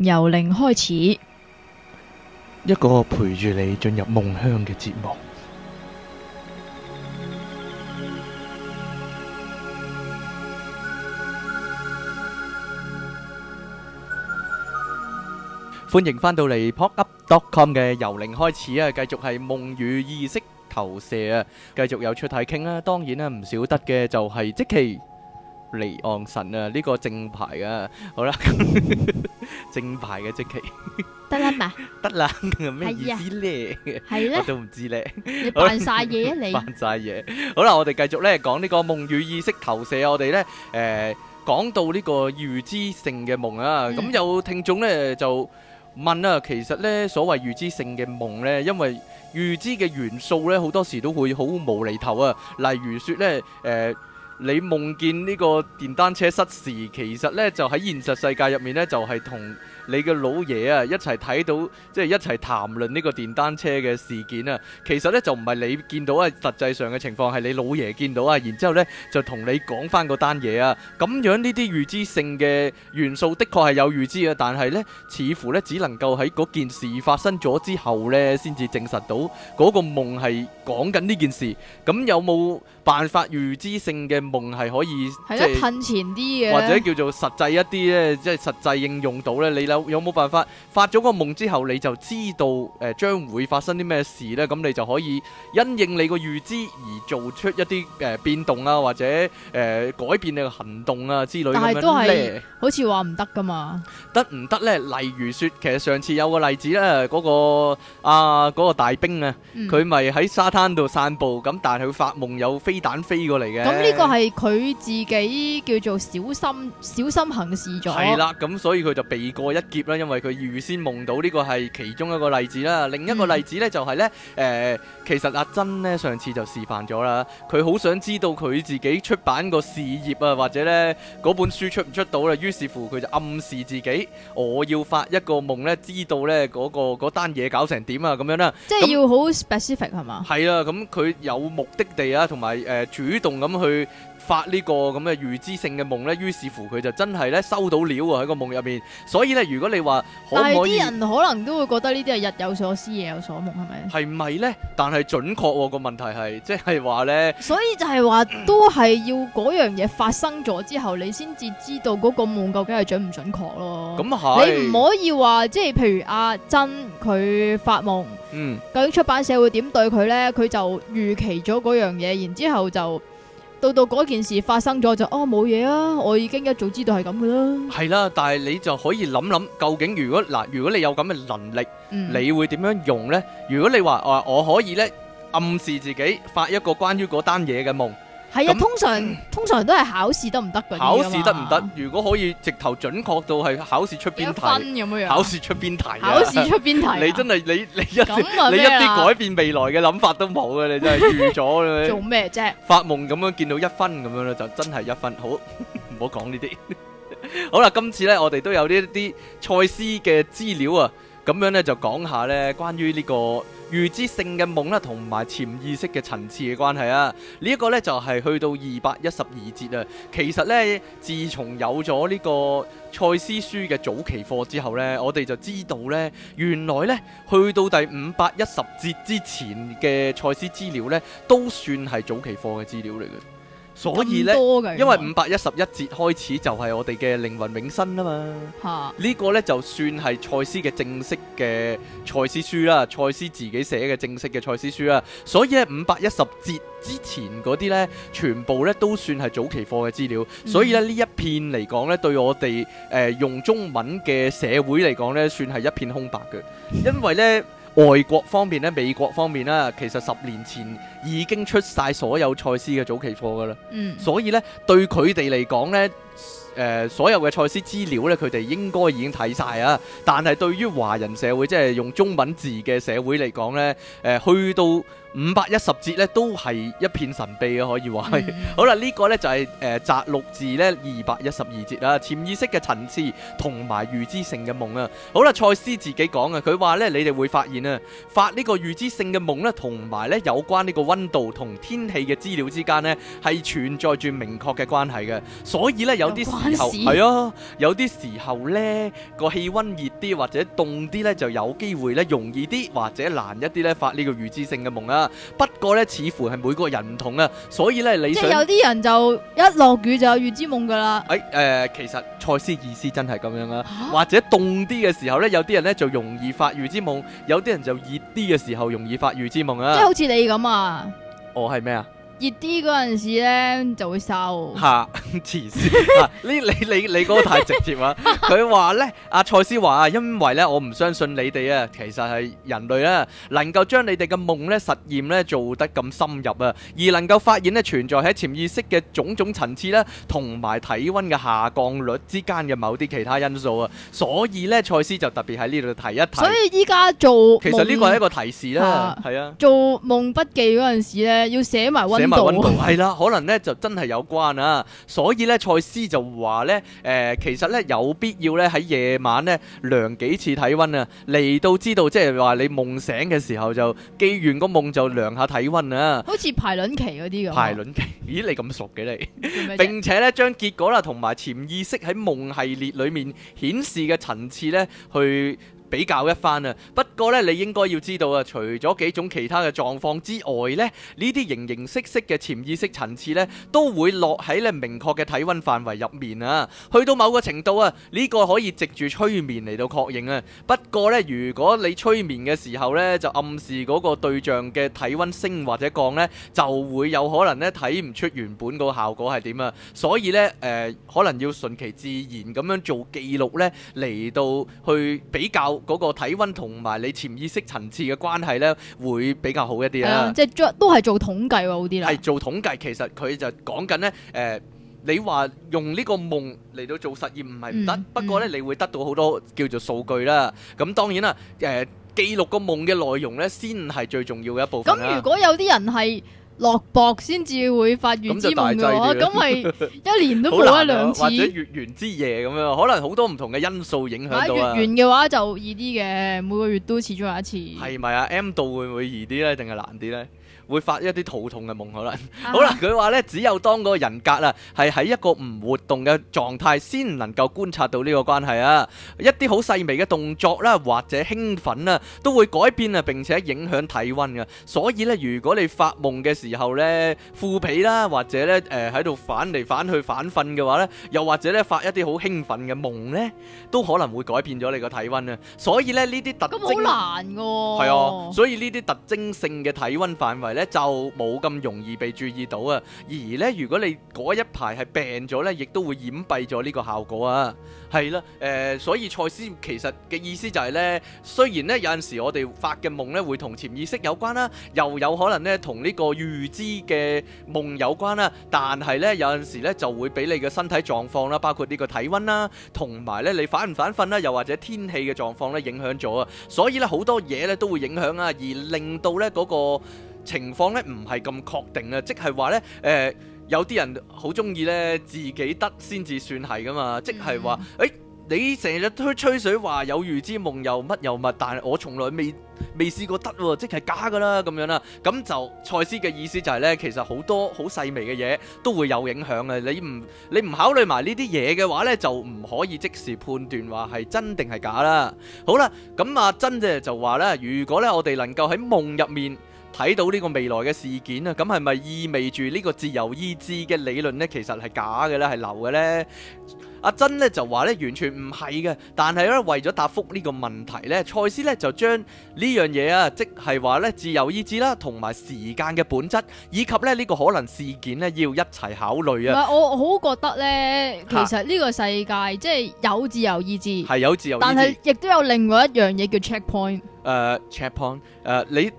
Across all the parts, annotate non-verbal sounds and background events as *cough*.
由零開始，一個陪住你進入夢鄉嘅節目。歡迎返到嚟 popup.com 嘅由零開始啊，繼續係夢與意識投射啊，繼續有出體傾啦。當然啦，唔少得嘅就係即期離岸神啊，呢個正牌啊，好啦。正牌嘅 Jackie 得啦嘛，得啦，咩意思咧？係咧，都唔知咧。 *laughs* 你扮晒嘢啊！你扮晒嘢。 *laughs* 好啦，我哋繼續咧講呢講個夢與意識投射。我哋咧誒講到呢個預知性嘅夢啊，咁、嗯、有聽眾咧就問啊，其實咧所謂預知性嘅夢咧，因為預知嘅元素咧好多時都會好無厘頭啊，例如說咧誒。呃你夢見呢個電單車失事，其實呢就喺現實世界入面呢就係、是、同你嘅老爺啊一齊睇到，即係一齊談論呢個電單車嘅事件啊，其實咧就唔係你見到啊，實際上嘅情況係你老爺見到啊，然之後咧就同你講翻單嘢啊。咁樣呢啲預知性嘅元素，的確係有預知啊，但係咧似乎咧只能夠喺件事發生咗之後咧，先至證實到個夢係講緊呢件事。咁有冇辦法預知性嘅夢係可以的即係是褪前啲嘢，或者叫做實際一啲咧，即係實際應用到咧，你諗？有冇辦法發咗個夢之後，你就知道誒將、呃、會發生啲咩事咧？咁你就可以因應你個預知而做出一啲誒、呃、變動啊，或者誒、呃、改變你嘅行動啊之類，但係都係好似話唔得噶嘛？得唔得咧？例如說，其實上次有個例子咧，嗰個啊、嗰個大兵啊，佢咪喺沙灘度散步咁，但係佢發夢有飛彈飛過嚟嘅。咁呢、嗯、個係佢自己叫做小心小心行事咗。係啦，咁所以佢就避過一。劫啦，因為佢預先夢到。呢個係其中一個例子啦。另一個例子咧，就係咧，誒，其實阿珍咧上次就示範咗啦。佢好想知道佢自己出版個事業啊，或者咧嗰本書出唔出到啦。於是乎佢就暗示自己，我要發一個夢咧，知道咧嗰個嗰單嘢搞成點啊，咁樣啦。即係要好 specific 係嘛？係啊，咁佢有目的地啊，同埋誒主動咁去。發呢個咁嘅預知性嘅夢咧，於是乎佢就真係咧收到料喺個夢入面。所以呢，如果你話可唔可以，但係啲人可能都會覺得呢啲係日有所思夜有所夢，係咪？係咪呢？但係準確個、啊、問題係，即係話呢。所以就係話，嗯、都係要嗰樣嘢發生咗之後，你先至知道嗰個夢究竟係準唔準確咯、啊。咁係你唔可以話，即係譬如阿珍佢發夢，嗯，究竟出版社會點對佢呢？佢就預期咗嗰樣嘢，然之後就。到到嗰件事發生咗就，哦，冇嘢啊，我已經一早知道係咁噶啦。係啦，但係你就可以諗諗究竟如果嗱，如果你有咁嘅能力，嗯、你會點樣用呢？如果你話、呃、我可以呢，暗示自己發一個關於嗰單嘢嘅夢。係啊，通常通常都係考試得唔得嘅，考試得唔得？如果可以直頭準確到係考試出邊題，一分咁樣樣，考試出邊題，考試出邊題，你真係你你一啲你一啲改變未來嘅諗法都冇嘅，你真係預咗啦。做咩啫？發夢咁樣見到一分咁樣咧，就真係一分。好唔好講呢啲？好啦，今次咧我哋都有呢一啲賽斯嘅資料啊，咁樣咧就講下咧關於呢個。預知性嘅夢啦，同埋潛意識嘅層次嘅關係啊，呢一個呢就係去到二百一十二節啊。其實呢，自從有咗呢個賽斯書嘅早期課之後呢，我哋就知道呢，原來呢，去到第五百一十節之前嘅賽斯資料呢，都算係早期課嘅資料嚟嘅。所以呢，因為五百一十一節開始就係我哋嘅靈魂永生啊嘛，呢哈 個呢，就算係賽斯嘅正式嘅賽斯書啦，賽斯自己寫嘅正式嘅賽斯書啦，所以呢，五百一十節之前嗰啲呢，全部呢都算係早期課嘅資料，嗯、所以呢，呢一片嚟講呢，對我哋誒、呃、用中文嘅社會嚟講呢，算係一片空白嘅，因為呢，外國方面咧，美國方面啦，其實十年前已經出晒所有賽斯嘅早期課㗎啦，嗯、所以咧，對佢哋嚟講咧。誒、呃、所有嘅賽斯資料咧，佢哋應該已經睇晒啊！但係對於華人社會，即係用中文字嘅社會嚟講咧，誒、呃、去到五百一十節咧，都係一片神秘啊。可以話係。嗯、好啦，呢、這個咧就係誒摘錄自咧二百一十二節啦，潛意識嘅層次同埋預知性嘅夢啊！好啦，賽斯自己講啊，佢話咧你哋會發現啊，發個呢個預知性嘅夢咧，同埋咧有關呢個溫度同天氣嘅資料之間呢，係存在住明確嘅關係嘅，所以咧有啲。係啊，有啲時候呢，個氣溫熱啲或者凍啲呢，就有機會呢容易啲或者難一啲呢。發呢個預知性嘅夢啊。不過呢，似乎係每個人唔同啊，所以呢，你想即係有啲人就一落雨就有預知夢噶啦。誒、哎呃、其實賽斯意思真係咁樣啊。或者凍啲嘅時候呢，有啲人呢就容易發預知夢，有啲人就熱啲嘅時候容易發預知夢啊。即係好似你咁啊。我係咩啊？熱啲嗰陣時咧就會瘦吓，先 *laughs* 病。線、 *laughs* 啊！你你你你嗰個太直接啦！佢話咧，阿、啊、賽斯話啊，因為咧我唔相信你哋，啊其實係人類啊，能夠將你哋嘅夢咧實驗咧做得咁深入啊，而能夠發現咧存在喺潛意識嘅種種層次啦，同埋體溫嘅下降率之間嘅某啲其他因素啊，所以咧賽斯就特別喺呢度提一提。所以依家做其實呢個係一個提示啦，係啊，啊做夢筆記嗰陣時咧要寫埋溫。係啦 *laughs* 可能咧就真係有關啊，所以咧賽斯就話咧，誒、呃，其實咧有必要咧喺夜晚咧量幾次體溫啊，嚟到知道即係話你夢醒嘅時候就記完個夢就量下體溫啊，好似排卵期嗰啲嘅，排卵期，咦你咁熟嘅、啊、你， *laughs* 並且咧將結果啦同埋潛意識喺夢系列裏面顯示嘅層次咧去。比較一番啊！不過咧，你應該要知道啊，除咗幾種其他嘅狀況之外呢，呢啲形形色色嘅潛意識層次呢，都會落喺咧明確嘅體温範圍入面啊！去到某個程度啊，呢、呢個可以藉住催眠嚟到確認啊。不過呢，如果你催眠嘅時候呢，就暗示嗰個對象嘅體温升或者降呢，就會有可能呢睇唔出原本個效果係點啊！所以呢，誒、呃、可能要順其自然咁樣做記錄呢，嚟到去比較。嗰個體温同埋你潛意識層次嘅關係咧，會比較好一啲啦。嗯、即係都係做統計喎，好啲啦。係做統計，其實佢就講緊咧，誒、呃，你話用呢個夢嚟到做實驗唔係唔得，嗯嗯、不過咧，你會得到好多叫做數據啦。咁當然啦，誒、呃，記錄個夢嘅內容咧，先係最重要嘅一部分啦。咁如果有啲人係，落薄先至會發預知夢，咁就大劑，咁咪一年都冇一兩次， *laughs* 或者月圓之夜咁樣，可能好多唔同嘅因素影響到、啊啊、月圓嘅話就易啲嘅，每個月都始終有一次。係咪啊？M 度會唔會易啲咧，定係難啲咧？會發一啲肚痛嘅夢可能， *laughs* 好啦，佢話咧，只有當嗰個人格啊係喺一個唔活動嘅狀態，先能夠觀察到呢個關係啊。一啲好細微嘅動作啦、啊，或者興奮啊，都會改變啊，並且影響體温嘅、啊。所以咧，如果你發夢嘅時候咧，敷皮啦、啊，或者咧誒喺度反嚟反去反瞓嘅話咧，又或者咧發一啲好興奮嘅夢咧，都可能會改變咗你個體温啊。所以咧，呢啲特好難㗎、啊、喎。係啊，所以呢啲特徵性嘅體温範圍咧就冇咁容易被注意到啊，而咧如果你嗰一排係病咗咧，亦都會掩蔽咗呢個效果啊。係啦，誒，所以賽斯其實嘅意思就係咧，雖然咧有陣時我哋發嘅夢咧會同潛意識有關啦，又有可能咧同呢個預知嘅夢有關啦，但係咧有陣時咧就會俾你嘅身體狀況啦，包括呢個體温啦，同埋咧你反唔反瞓啦，又或者天氣嘅狀況咧影響咗啊，所以咧好多嘢咧都會影響啊，而令到咧嗰個。情況咧唔係咁確定啊，即係話咧誒，有啲人好中意咧，自己得先至算係噶嘛。嗯、即係話誒，你成日都吹水話有預知夢又乜又乜，但係我從來未未試過得喎，即係假噶啦咁樣啦。咁就賽斯嘅意思就係、是、咧，其實好多好細微嘅嘢都會有影響啊。你唔你唔考慮埋呢啲嘢嘅話咧，就唔可以即時判斷話係真定係假啦。好啦，咁阿珍姐就話咧，如果咧我哋能夠喺夢入面，睇到呢個未來嘅事件咧，咁係咪意味住呢個自由意志嘅理論呢？其實係假嘅咧，係流嘅呢，阿珍呢就話呢，完全唔係嘅。但係呢，為咗答覆呢個問題呢，賽斯呢就將呢樣嘢啊，即係話呢自由意志啦，同埋時間嘅本質，以及呢呢、呢個可能事件呢，要一齊考慮啊！唔係，我好覺得呢，其實呢個世界、啊、即係有自由意志，係有自由意志，但係亦都有另外一樣嘢叫 checkpoint。誒、uh，checkpoint、uh。誒，你。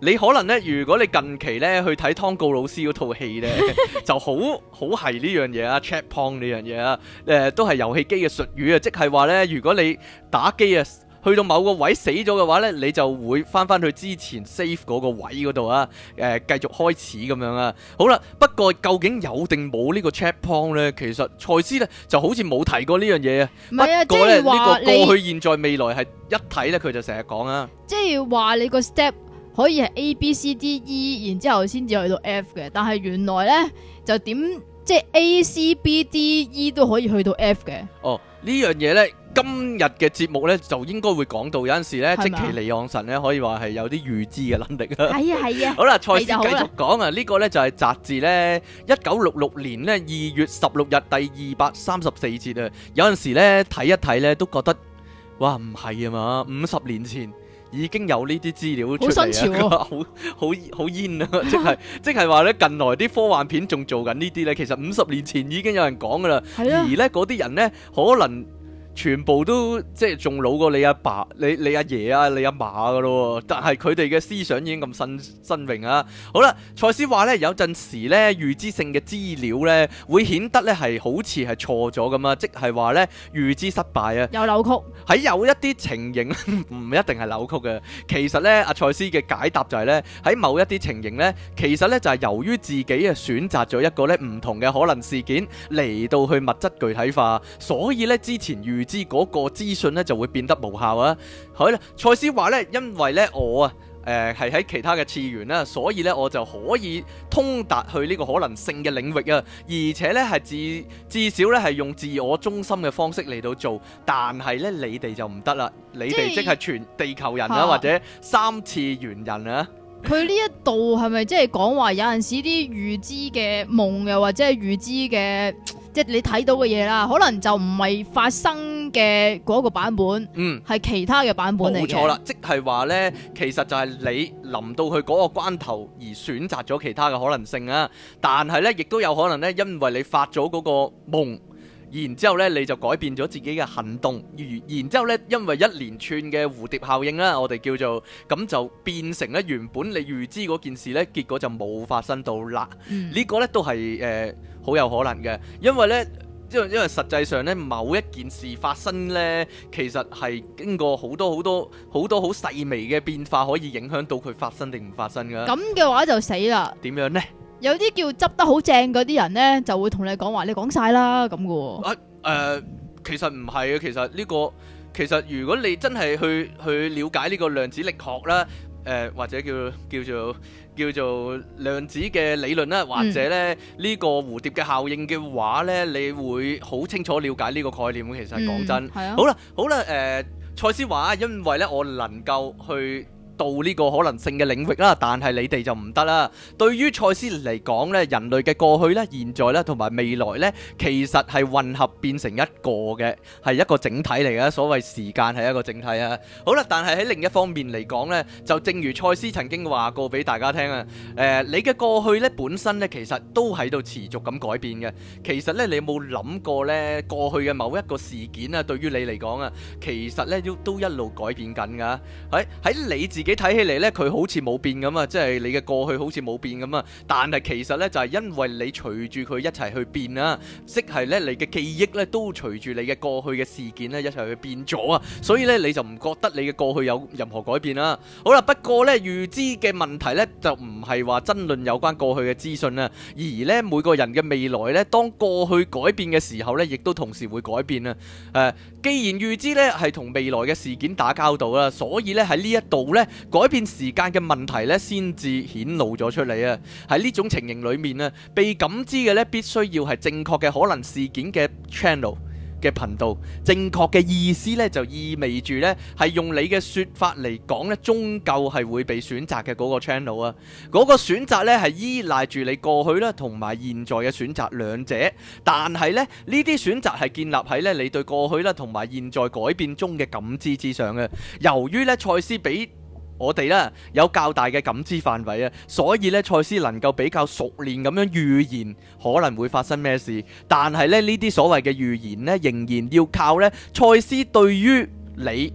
你可能咧，如果你近期咧去睇湯告老師套戲咧，呢 *laughs* 就好好係呢樣嘢啊，checkpoint 呢樣嘢啊，誒都係遊戲機嘅術語啊，呃、語即係話咧，如果你打機啊，去到某個位死咗嘅話咧，你就會翻翻去之前 save 嗰個位嗰度啊，誒、呃、繼續開始咁樣啊。好啦，不過究竟有定冇呢個 checkpoint 咧？其實賽斯咧就好似冇提過呢樣嘢啊。不，啊不過咧，呢個過去、現在、未來係一體咧，佢就成日講啊。即係話你個。step。可以係 A B C D E，然之後先至去到 F 嘅。但係原來呢，就點即係 A C B D E 都可以去到 F 嘅。哦，呢樣嘢呢，今日嘅節目呢，就應該會講到有陣時呢，即其尼昂神呢，可以話係有啲預知嘅能力啊。係啊係啊。好啦，賽斯繼續講啊，呢個呢，就係雜誌呢，看一九六六年呢，二月十六日第二百三十四節啊。有陣時呢，睇一睇呢，都覺得，哇唔係啊嘛，五十年前。已經有呢啲資料出嚟啊！ *laughs* 好好好煙啊！ *laughs* 即係即係話咧，近來啲科幻片仲做緊呢啲咧，其實五十年前已經有人講㗎喇，的而咧嗰啲人咧可能。全部都即係仲老過你阿爸、你你阿爺啊、你阿嫲噶咯，但係佢哋嘅思想已經咁新新穎啊！好啦，賽斯話咧，有陣時咧預知性嘅資料咧，會顯得咧係好似係錯咗咁啊，即係話咧預知失敗啊，有扭曲喺有一啲情形唔 *laughs* 一定係扭曲嘅。其實咧，阿賽斯嘅解答就係咧，喺某一啲情形咧，其實咧就係由於自己啊選擇咗一個咧唔同嘅可能事件嚟到去物質具體化，所以咧之前預。知嗰個資訊咧就會變得無效啊！好啦，賽斯話咧，因為咧我啊，誒係喺其他嘅次元啦、啊，所以咧我就可以通達去呢個可能性嘅領域啊，而且咧係至至少咧係用自我中心嘅方式嚟到做，但係咧你哋就唔得啦，你哋即係是全地球人啊，啊或者三次元人啊，是是是說說啊。佢呢一度係咪即係講話有陣時啲預知嘅夢，又或者係預知嘅？即係你睇到嘅嘢啦，可能就唔係發生嘅嗰個版本，嗯，係其他嘅版本嚟嘅。冇錯啦，即係話呢， *laughs* 其實就係你臨到去嗰個關頭而選擇咗其他嘅可能性啊，但係呢，亦都有可能呢，因為你發咗嗰個夢。然之後咧，你就改變咗自己嘅行動，然然之後咧，因為一連串嘅蝴蝶效應啦，我哋叫做咁就變成咧原本你預知嗰件事咧，結果就冇發生到啦。呢、嗯、個咧都係誒好有可能嘅，因為咧，因為因為實際上咧，某一件事發生咧，其實係經過好多好多好多好細微嘅變化可以影響到佢發生定唔發生㗎。咁嘅話就死啦。點樣咧？有啲叫執得好正嗰啲人呢，就會同你講話，你講晒啦咁噶。誒、哦啊呃，其實唔係啊。其實呢、這個其實如果你真係去去了解呢個量子力學啦，誒、呃、或者叫叫做叫做量子嘅理論啦，或者呢呢個蝴蝶嘅效應嘅話呢，你會好清楚了解呢個概念。其實講真、嗯啊好，好啦好啦，誒、呃，賽斯話，因為呢，我能夠去。到呢個可能性嘅領域啦，但係你哋就唔得啦。對於賽斯嚟講咧，人類嘅過去咧、現在咧同埋未來咧，其實係混合變成一個嘅，係一個整體嚟嘅。所謂時間係一個整體啊。好啦，但係喺另一方面嚟講咧，就正如賽斯曾經話過俾大家聽啊。誒，你嘅過去咧本身咧，其實都喺度持續咁改變嘅。其實咧，你有冇諗過咧？過去嘅某一個事件啊，對於你嚟講啊，其實咧都都一路改變緊㗎。喺喺你自己。你睇起嚟咧，佢好似冇變咁啊，即係你嘅過去好似冇變咁啊。但係其實咧，就係因為你隨住佢一齊去變啊，即係咧你嘅記憶咧都隨住你嘅過去嘅事件咧一齊去變咗啊。所以咧你就唔覺得你嘅過去有任何改變啦。好啦，不過咧預知嘅問題咧就唔係話爭論有關過去嘅資訊啦，而咧每個人嘅未來咧，當過去改變嘅時候咧，亦都同時會改變啦。誒、啊，既然預知咧係同未來嘅事件打交道啦，所以咧喺呢一度咧。改變時間嘅問題咧，先至顯露咗出嚟啊！喺呢種情形裏面咧，被感知嘅咧必須要係正確嘅可能事件嘅 channel 嘅頻道，正確嘅意思咧就意味住咧係用你嘅説法嚟講咧，終究係會被選擇嘅嗰個 channel 啊！嗰個選擇咧係依賴住你過去啦同埋現在嘅選擇兩者，但係咧呢啲選擇係建立喺咧你對過去啦同埋現在改變中嘅感知之上嘅。由於咧賽斯比，我哋咧有較大嘅感知範圍啊，所以咧賽斯能夠比較熟練咁樣預言可能會發生咩事。但係咧呢啲所謂嘅預言咧，仍然要靠咧賽斯對於你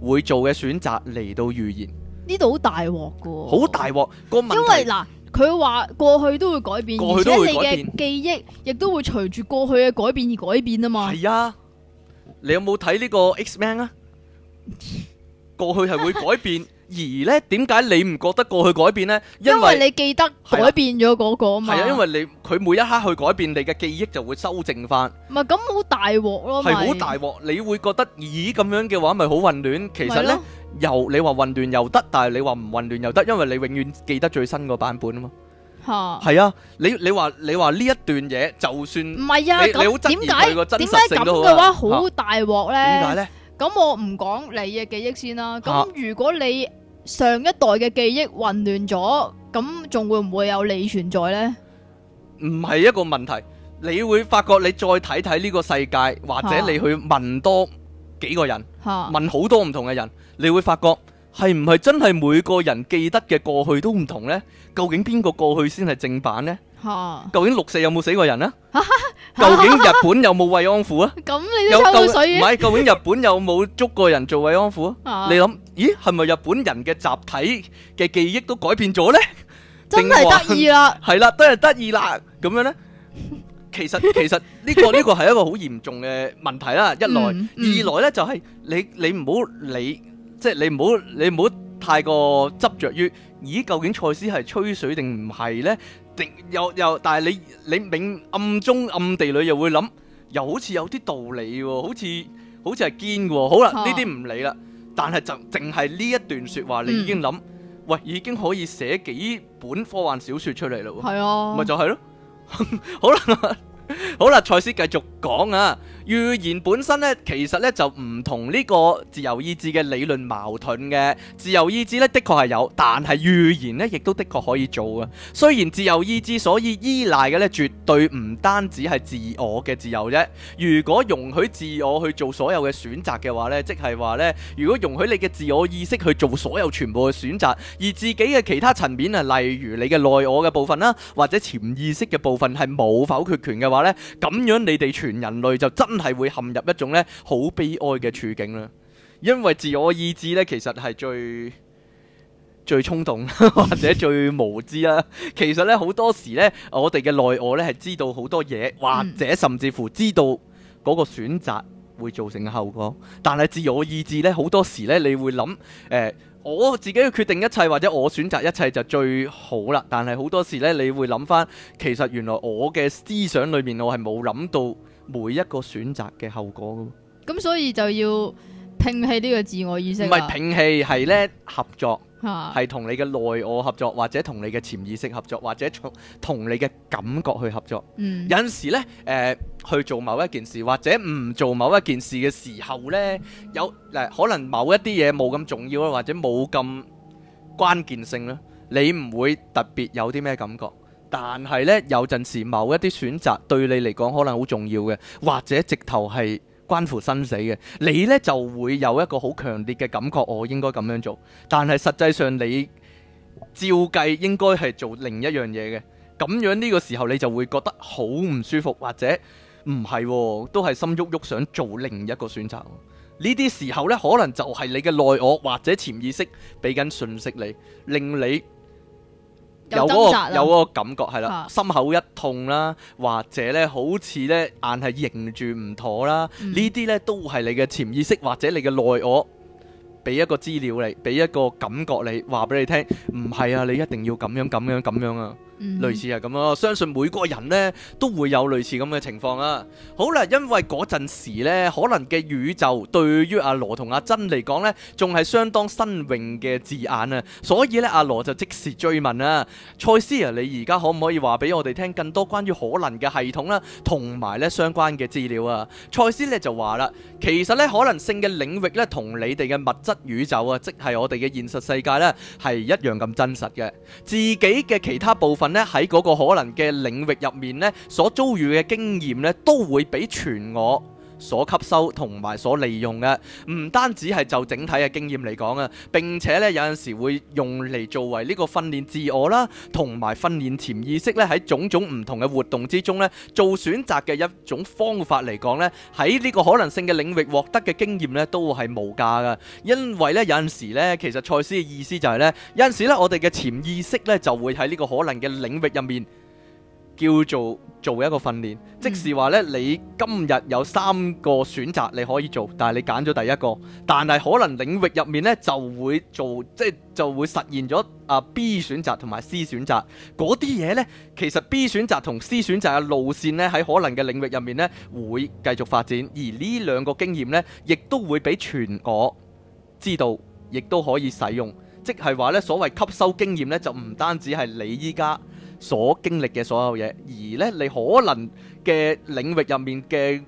會做嘅選擇嚟到預言。呢度好大鑊噶、哦，好大鑊個問題。因為嗱，佢話過去都會改變，過去都會改變，而且你嘅記憶亦都會隨住過去嘅改變而改變啊嘛。係啊，你有冇睇呢個 X-Men 啊？ *laughs* 過去係會改變。 *laughs* 而咧，點解你唔覺得過去改變咧？因為你記得改變咗嗰個嘛。係啊，因為你佢每一刻去改變，你嘅記憶就會修正翻。咪咁好大鑊咯？係好大鑊，你會覺得咦咁樣嘅話咪好混亂。其實咧，又你話混亂又得，但係你話唔混亂又得，因為你永遠記得最新個版本啊嘛。嚇係啊！你你話你話呢一段嘢就算唔係啊，咁點解點解咁嘅話好大鑊咧？點解咧？咁我唔講你嘅記憶先啦。咁如果你上一代嘅記憶混亂咗，咁仲會唔會有你存在呢？唔係一個問題，你會發覺你再睇睇呢個世界，或者你去問多幾個人，啊、問好多唔同嘅人，你會發覺係唔係真係每個人記得嘅過去都唔同呢？究竟邊個過去先係正版呢？吓，究竟六四有冇死過人啊？究竟日本有冇慰安婦啊？咁你都吹水。唔係，究竟日本有冇捉過人做慰安婦啊？你諗，咦，係咪日本人嘅集體嘅記憶都改變咗咧？真係得意啦！係啦，都係得意啦！咁樣咧，其實其實呢個呢個係一個好嚴重嘅問題啦。一來，二來咧就係你你唔好理，即係你唔好你唔好太過執着於，咦？究竟賽斯係吹水定唔係咧？又又，但係你你明暗中暗地裏又會諗，又好似有啲道理喎。哦，好似好似係堅喎。好啦，哦，呢啲唔理啦，但係就淨係呢一段説話，你已經諗，嗯、喂，已經可以寫幾本科幻小説出嚟咯喎。係啊就就，咪就係咯。好啦了笑。好啦，賽斯繼續講啊，預言本身咧，其實咧就唔同呢個自由意志嘅理論矛盾嘅。自由意志咧的確係有，但係預言呢，亦都的確可以做嘅。雖然自由意志所以依賴嘅咧絕對唔單止係自我嘅自由啫。如果容許自我去做所有嘅選擇嘅話咧，即係話咧，如果容許你嘅自我意識去做所有全部嘅選擇，而自己嘅其他層面啊，例如你嘅內我嘅部分啦、啊，或者潛意識嘅部分係冇否決權嘅話，咧咁樣，你哋全人類就真係會陷入一種咧好悲哀嘅處境啦。因為自我意志咧，其實係最最衝動或者最無知啦。其實咧好多時咧，我哋嘅內我咧係知道好多嘢，或者甚至乎知道嗰個選擇會造成嘅後果。但係自我意志咧好多時咧，你會諗，誒。呃我自己要決定一切，或者我選擇一切就最好啦。但係好多時呢，你會諗翻，其實原來我嘅思想裏面，我係冇諗到每一個選擇嘅後果嘅。咁所以就要摒棄呢個自我意識。唔係摒棄，係呢合作，係同、嗯、你嘅內我合作，或者同你嘅潛意識合作，或者同同你嘅感覺去合作。嗯，有時呢。誒、呃。去做某一件事或者唔做某一件事嘅時候呢，有誒、呃、可能某一啲嘢冇咁重要咯，或者冇咁關鍵性咧，你唔會特別有啲咩感覺。但係呢，有陣時某一啲選擇對你嚟講可能好重要嘅，或者直頭係關乎生死嘅，你呢就會有一個好強烈嘅感覺，我應該咁樣做。但係實際上你照計應該係做另一樣嘢嘅，咁樣呢個時候你就會覺得好唔舒服，或者。唔係、哦，都係心喐喐想做另一個選擇。呢啲時候呢，可能就係你嘅內我或者潛意識俾緊信息你，令你有嗰、嗰個有，有個感覺係啦，心、啊、口一痛啦，或者呢，好似呢硬係認住唔妥啦。呢啲、嗯、呢，都係你嘅潛意識或者你嘅內我俾一個資料你，俾一個感覺你，話俾你聽，唔係啊，你一定要咁樣咁樣咁樣，樣啊。類似係咁咯，相信每個人呢都會有類似咁嘅情況啦、啊。好啦，因為嗰陣時咧，可能嘅宇宙對於阿羅同阿珍嚟講呢，仲係相當新穎嘅字眼啊，所以呢，阿羅就即時追問啊，賽斯啊，你而家可唔可以話俾我哋聽更多關於可能嘅系統啦，同埋呢相關嘅資料啊？賽斯呢就話啦，其實呢，可能性嘅領域呢，同你哋嘅物質宇宙啊，即係我哋嘅現實世界呢，係一樣咁真實嘅，自己嘅其他部分。咧喺嗰個可能嘅領域入面咧，所遭遇嘅經驗咧，都會俾全我，所吸收同埋所利用嘅，唔單止係就整體嘅經驗嚟講啊，並且咧有陣時會用嚟作為呢個訓練自我啦，同埋訓練潛意識咧喺種種唔同嘅活動之中咧做選擇嘅一種方法嚟講咧，喺呢個可能性嘅領域獲得嘅經驗咧都係無價噶，因為咧有陣時咧其實賽斯嘅意思就係咧有陣時咧我哋嘅潛意識咧就會喺呢個可能嘅領域入面。叫做做一個訓練，即是話咧，你今日有三個選擇你可以做，但係你揀咗第一個，但係可能領域入面咧就會做，即係就會實現咗啊 B 選擇同埋 C 選擇嗰啲嘢咧，其實 B 選擇同 C 選擇嘅路線咧，喺可能嘅領域入面咧會繼續發展，而呢兩個經驗咧，亦都會俾全我知道，亦都可以使用，即係話咧，所謂吸收經驗咧，就唔單止係你依家。所經歷嘅所有嘢，而呢你可能嘅領域入面嘅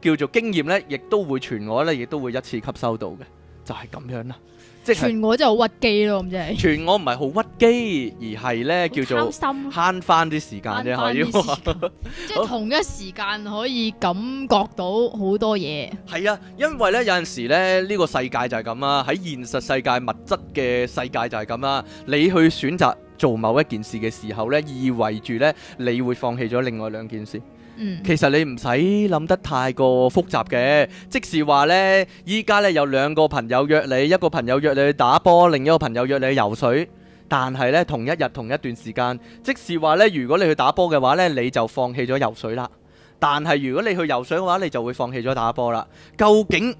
叫做經驗呢，亦都會傳我呢，亦都會一次吸收到嘅，就係咁樣啦。全我真係好屈機咯，咁即係。全我唔係好屈機，而係咧叫做慳翻啲時間啫，係要。即係同一時間可以感覺到好多嘢。係啊，因為咧有陣時咧呢個世界就係咁啦，喺現實世界物質嘅世界就係咁啦。你去選擇做某一件事嘅時候咧，意味住咧你會放棄咗另外兩件事。其實你唔使諗得太過複雜嘅，即是話呢，依家呢，有兩個朋友約你，一個朋友約你去打波，另一個朋友約你去游水。但係呢，同一日同一段時間，即是話呢，如果你去打波嘅話呢，你就放棄咗游水啦。但係如果你去游水嘅話，你就會放棄咗打波啦。究竟？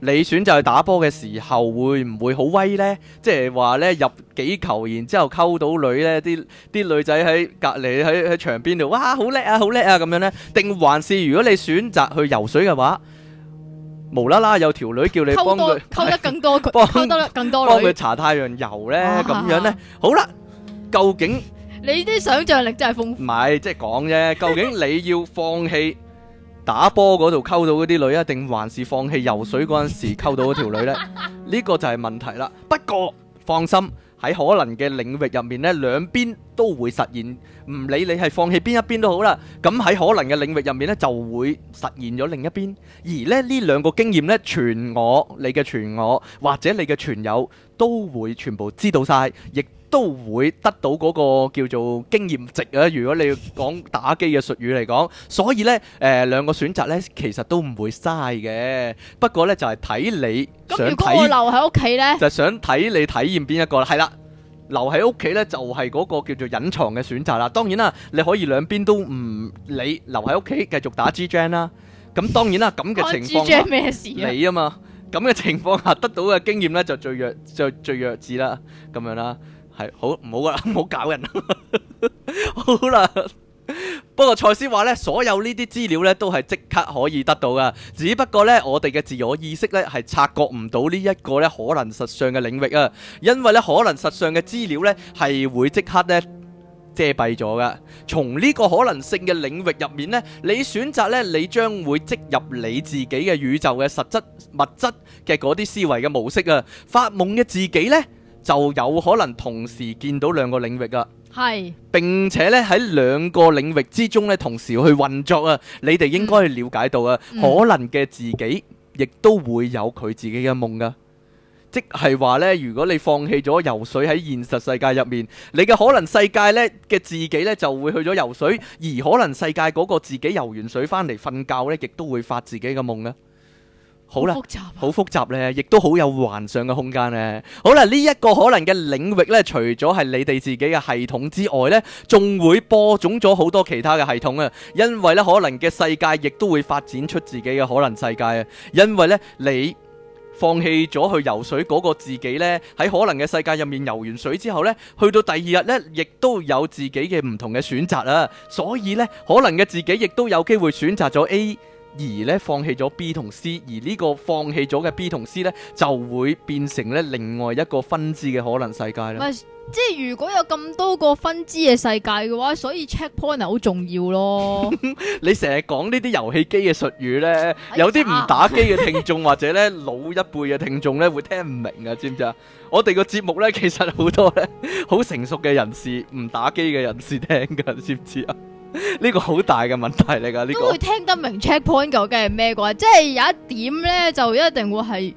你選擇去打波嘅時候，會唔會好威咧？即係話咧，入幾球，然之後溝到女咧，啲啲女仔喺隔離喺喺場邊度，哇！好叻啊，好叻啊咁樣咧，定還是如果你選擇去游水嘅話，無啦啦有條女叫你幫佢溝得更多，幫更多幫佢搽太陽油咧，咁樣咧？好啦，究竟你啲想像力真係豐富，唔係即係講啫。究竟你要放棄？打波嗰度溝到嗰啲女啊，定還是放棄游水嗰陣時溝到嗰條女咧？呢個就係問題啦。不過放心，喺可能嘅領域入面咧，兩邊都會實現，唔理你係放棄邊一邊都好啦。咁喺可能嘅領域入面咧，就會實現咗另一邊。而咧呢兩個經驗咧，全我你嘅全我或者你嘅全友都會全部知道晒。亦。都會得到嗰個叫做經驗值啊。如果你講打機嘅術語嚟講，所以呢誒、呃、兩個選擇呢，其實都唔會嘥嘅。不過呢，就係、是、睇你想，如果我留喺屋企呢，就想睇你體驗邊一個啦。係啦，留喺屋企呢，就係嗰個叫做隱藏嘅選擇啦。當然啦，你可以兩邊都唔理，留喺屋企繼續打 G ジ啦。咁當然啦，咁嘅情況，G ジ咩事啊？你啊嘛，咁嘅情況下得到嘅經驗呢，就最弱就最，最弱智啦，咁樣啦。係好唔好啦？唔好搞人，好啦。不，啦 *laughs* 好啦 *laughs* 不過賽斯話呢，所有呢啲資料呢都係即刻可以得到噶只不過呢，我哋嘅自我意識呢係察覺唔到呢一個呢可能實上嘅領域啊，因為呢，可能實上嘅資料呢係會即刻呢遮蔽咗噶從呢個可能性嘅領域入面呢，你選擇呢，你將會植入你自己嘅宇宙嘅實質物質嘅嗰啲思維嘅模式啊，發夢嘅自己呢，就有可能同時見到兩個領域啊，係並且咧喺兩個領域之中咧同時去運作啊，你哋應該去了解到啊，可能嘅自己亦都會有佢自己嘅夢噶，即係話咧，如果你放棄咗游水喺現實世界入面，你嘅可能世界咧嘅自己咧就會去咗游水，而可能世界嗰個自己游完水翻嚟瞓覺咧，亦都會發自己嘅夢噶。好啦，好複雜咧，亦都好有幻想嘅空間咧。好啦，呢一個可能嘅領域咧，除咗係你哋自己嘅系統之外咧，仲會播種咗好多其他嘅系統啊。因為咧，可能嘅世界亦都會發展出自己嘅可能世界啊。因為咧，你放棄咗去游水嗰個自己咧，喺可能嘅世界入面游完水之後咧，去到第二日咧，亦都有自己嘅唔同嘅選擇啊。所以咧，可能嘅自己亦都有機會選擇咗 A。而咧，放棄咗 B 同 C，而呢個放棄咗嘅 B 同 C 呢，就會變成咧另外一個分支嘅可能世界咧。唔係，即係如果有咁多個分支嘅世界嘅話，所以 checkpoint 好重要咯。 *laughs* 你成日講呢啲遊戲機嘅術語呢，有啲唔打機嘅聽眾或者咧老一輩嘅聽眾咧，會聽唔明啊？知唔知啊？我哋個節目呢，其實好多咧，好成熟嘅人士唔打機嘅人士聽噶，知唔知啊？呢 *laughs* 個好大嘅問題嚟、啊、噶，呢個都會聽得明 checkpoint 究竟係咩啩？即係有一點咧，就一定會係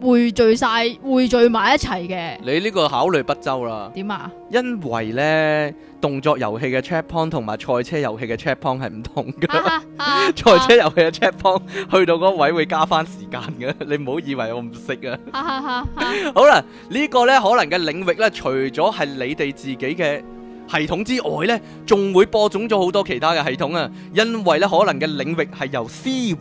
匯聚晒、匯聚埋一齊嘅。你呢個考慮不周啦。點啊樣？因為咧，動作遊戲嘅 checkpoint 同埋賽 *laughs* *laughs* *laughs* 車遊戲嘅 checkpoint 係唔同噶。賽車遊戲嘅 checkpoint 去到嗰位會加翻時間嘅，你唔好以為我唔識啊。 *laughs* *laughs* 好啦，呢、這個咧可能嘅領域咧，除咗係你哋自己嘅。系統之外呢，仲會播種咗好多其他嘅系統啊！因為呢，可能嘅領域係由思維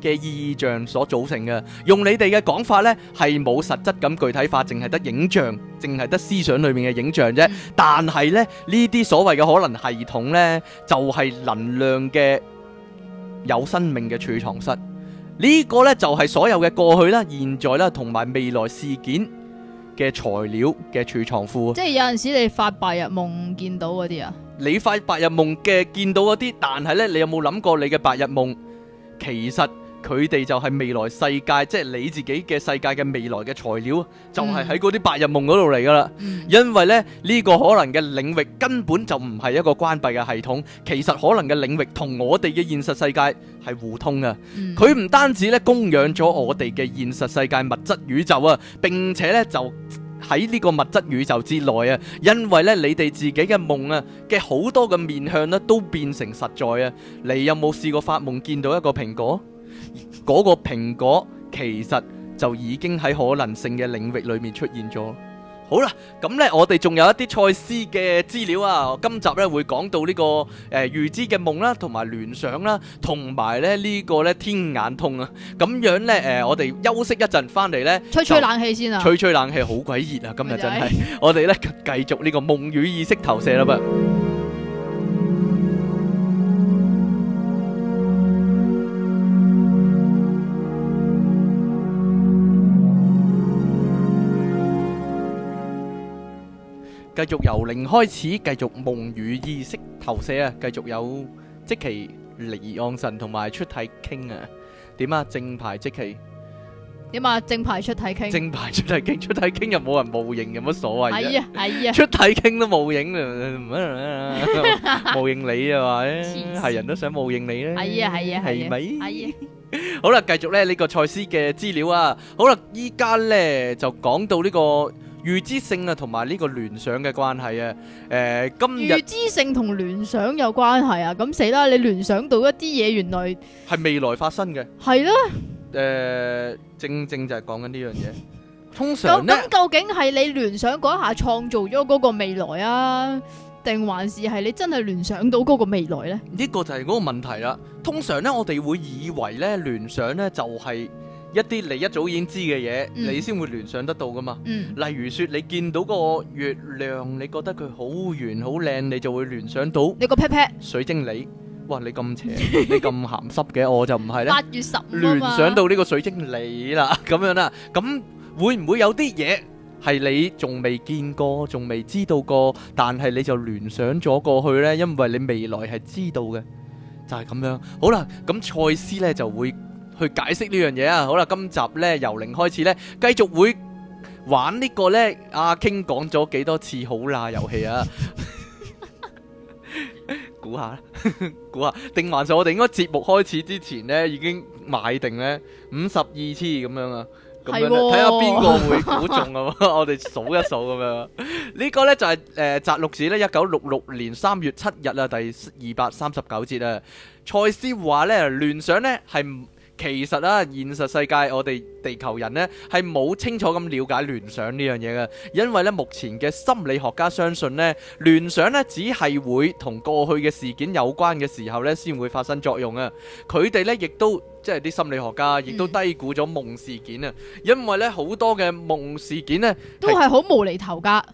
嘅意象所組成嘅。用你哋嘅講法呢，係冇實質咁具體化，淨係得影像，淨係得思想裏面嘅影像啫。但係呢，呢啲所謂嘅可能系統呢，就係、是、能量嘅有生命嘅儲藏室。呢、這個呢，就係、是、所有嘅過去啦、現在啦同埋未來事件嘅材料嘅儲藏庫，即係有陣時你發白日夢見到嗰啲啊？你發白日夢嘅見到嗰啲，但係咧，你有冇諗過你嘅白日夢其實？佢哋就係未來世界，即、就、係、是、你自己嘅世界嘅未來嘅材料，就係喺嗰啲白日夢嗰度嚟噶啦。因為咧呢、這個可能嘅領域根本就唔係一個關閉嘅系統，其實可能嘅領域同我哋嘅現實世界係互通嘅。佢唔、嗯、單止咧供養咗我哋嘅現實世界物質宇宙啊，並且呢就喺呢個物質宇宙之內啊，因為呢，你哋自己嘅夢啊嘅好多嘅面向咧、啊、都變成實在啊。你有冇試過發夢見到一個蘋果？嗰個蘋果其實就已經喺可能性嘅領域裏面出現咗。好啦，咁咧我哋仲有一啲賽斯嘅資料啊。我今集咧會講到呢個誒預知嘅夢啦，同埋聯想啦，同埋咧呢個咧天眼通啊。咁樣咧誒，我哋休息一陣翻嚟咧，吹吹冷氣先啊。吹吹冷氣，好鬼熱啊！今日真係，我哋咧繼續呢個夢與意識投射啦噃。繼續由零開始，繼續夢與意識投射啊！繼續有即期離岸神同埋出體傾啊！點啊正牌，即期點啊正牌出體傾，正牌出體傾，出體傾又冇人冒認有乜所謂？係啊係啊，出體傾都冒認唔啊，冒認你係咪係人都想冒認你咧？係啊係啊係咪？係啊，好啦，繼續咧呢個賽斯嘅資料啊！好啦，依家咧就講到呢個。預知性啊，同埋呢個聯想嘅關係啊，誒，今日預知性同聯想有關係啊，咁死啦，你聯想到一啲嘢，原來係未來發生嘅，係啦，誒，正正就係講緊呢樣嘢，通常呢，究竟係你聯想嗰一下創造咗嗰個未來啊，定還是係你真係聯想到嗰個未來呢？呢個就係嗰個問題啦。通常呢，我哋會以為呢聯想呢就係。一啲你一早已經知嘅嘢，你先會聯想得到㗎嘛？例如說，你見到個月亮，你覺得佢好圓好靚，你就會聯想到你個 pat pat 水晶梨。哇！你咁邪，你咁鹹濕嘅，我就唔係喇。八月十五聯想到呢個水晶梨啦，咁樣啦，咁會唔會有啲嘢係你仲未見過、仲未知道過，但係你就聯想咗過去呢？因為你未來係知道嘅，就係咁樣。好啦，咁賽斯呢就會。去解釋呢樣嘢啊！好啦，今集呢由零開始呢，繼續會玩呢個呢。阿傾講咗幾多次好啦遊戲啊！估 *laughs* *laughs* 下，估下，定還是我哋應該節目開始之前呢已經買定呢五十二次咁樣啊？咁樣睇下邊個會估中啊！ *laughs* *laughs* 我哋數一數咁樣，呢、這個呢就係、是、誒《摘錄史》呢，一九六六年三月七日啊，第二百三十九節啊，賽斯話呢，聯想呢係。其實啦、啊，現實世界我哋地球人咧係冇清楚咁了解聯想呢樣嘢嘅，因為咧目前嘅心理學家相信咧聯想咧只係會同過去嘅事件有關嘅時候咧先會發生作用啊。佢哋咧亦都即係啲心理學家亦都低估咗夢事件啊，因為咧好多嘅夢事件咧都係好無厘頭噶，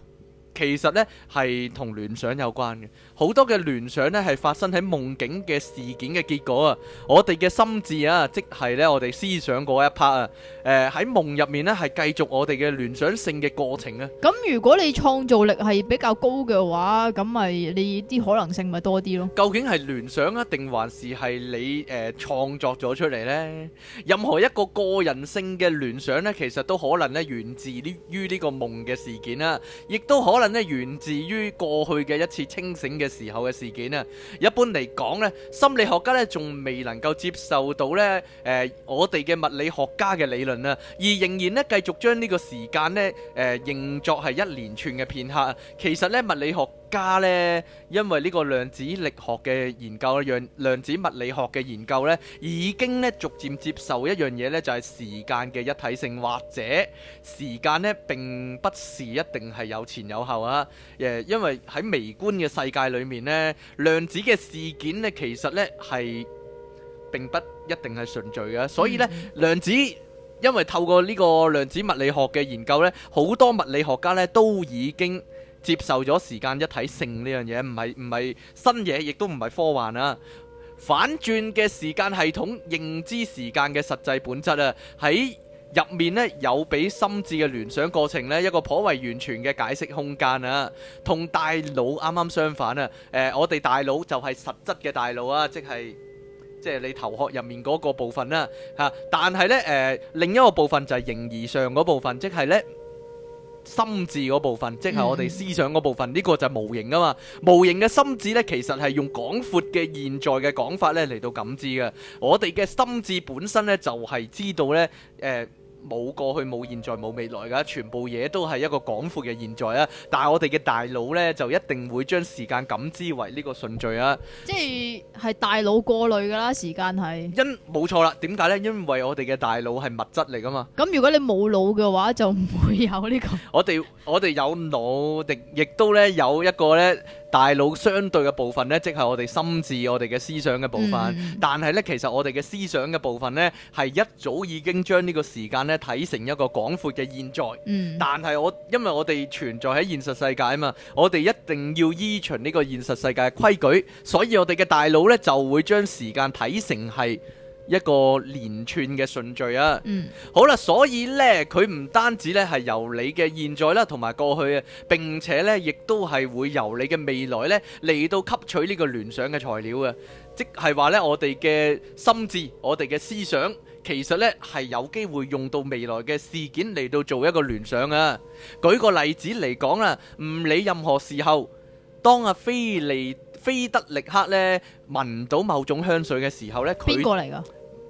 其實咧係同聯想有關嘅。好多嘅聯想咧，係發生喺夢境嘅事件嘅結果啊！我哋嘅心智啊，即係咧我哋思想嗰一 part 啊，誒、呃，喺夢入面咧係繼續我哋嘅聯想性嘅過程啊，咁如果你創造力係比較高嘅話，咁咪你啲可能性咪多啲咯？究竟係聯想啊，定還是係你誒創、呃、作咗出嚟咧？任何一個個人性嘅聯想咧，其實都可能咧源自於呢個夢嘅事件啊，亦都可能咧源自於過去嘅一次清醒嘅、啊。時候嘅事件呢，一般嚟講呢，心理學家呢仲未能夠接受到呢誒、呃、我哋嘅物理學家嘅理論啊，而仍然呢繼續將呢個時間呢誒認作係一連串嘅片刻，啊。其實呢，物理學。家呢，因為呢個量子力學嘅研究一樣，量子物理學嘅研究呢已經呢逐漸接受一樣嘢呢，就係、是、時間嘅一體性，或者時間呢並不是一定係有前有後啊。誒，因為喺微觀嘅世界裏面呢，量子嘅事件呢其實呢係並不一定係順序嘅，所以呢， *laughs* 量子因為透過呢個量子物理學嘅研究呢，好多物理學家呢都已經。接受咗時間一體性呢樣嘢，唔係唔係新嘢，亦都唔係科幻啊！反轉嘅時間系統，認知時間嘅實際本質啊，喺入面呢，有俾心智嘅聯想過程呢，一個頗為完全嘅解釋空間啊。同大腦啱啱相反啊，誒、呃，我哋大腦就係實質嘅大腦啊，即係即係你頭殼入面嗰個部分啦、啊、嚇、啊。但係呢，誒、呃，另一個部分就係形而上嗰部分，即係呢。心智嗰部分，即係我哋思想嗰部分，呢、mm. 個就係無形噶嘛。無形嘅心智呢，其實係用廣闊嘅現在嘅講法咧嚟到感知嘅。我哋嘅心智本身呢，就係、是、知道呢。誒、呃。冇過去，冇現在，冇未來㗎，全部嘢都係一個廣闊嘅現在啊！但係我哋嘅大腦咧，就一定會將時間感知為呢個順序啊！即係係大腦過濾㗎啦，時間係因冇錯啦，點解咧？因為我哋嘅大腦係物質嚟㗎嘛。咁如果你冇腦嘅話，就唔會有呢個。我哋我哋有腦，定亦都咧有一個咧。大腦相對嘅部分呢，即係我哋心智、我哋嘅思想嘅部分。嗯、但係呢，其實我哋嘅思想嘅部分呢，係一早已經將呢個時間呢睇成一個廣闊嘅現在。嗯、但係我因為我哋存在喺現實世界啊嘛，我哋一定要依循呢個現實世界嘅規矩，所以我哋嘅大腦呢，就會將時間睇成係一個連串嘅順序啊，嗯，好啦，所以呢，佢唔單止咧係由你嘅現在啦，同埋過去啊，並且呢，亦都係會由你嘅未來呢嚟到吸取呢個聯想嘅材料啊，即係話呢，我哋嘅心智，我哋嘅思想，其實呢係有機會用到未來嘅事件嚟到做一個聯想啊。舉個例子嚟講啊，唔理任何時候，當阿菲利菲德力克呢聞到某種香水嘅時候呢，佢。邊個嚟㗎？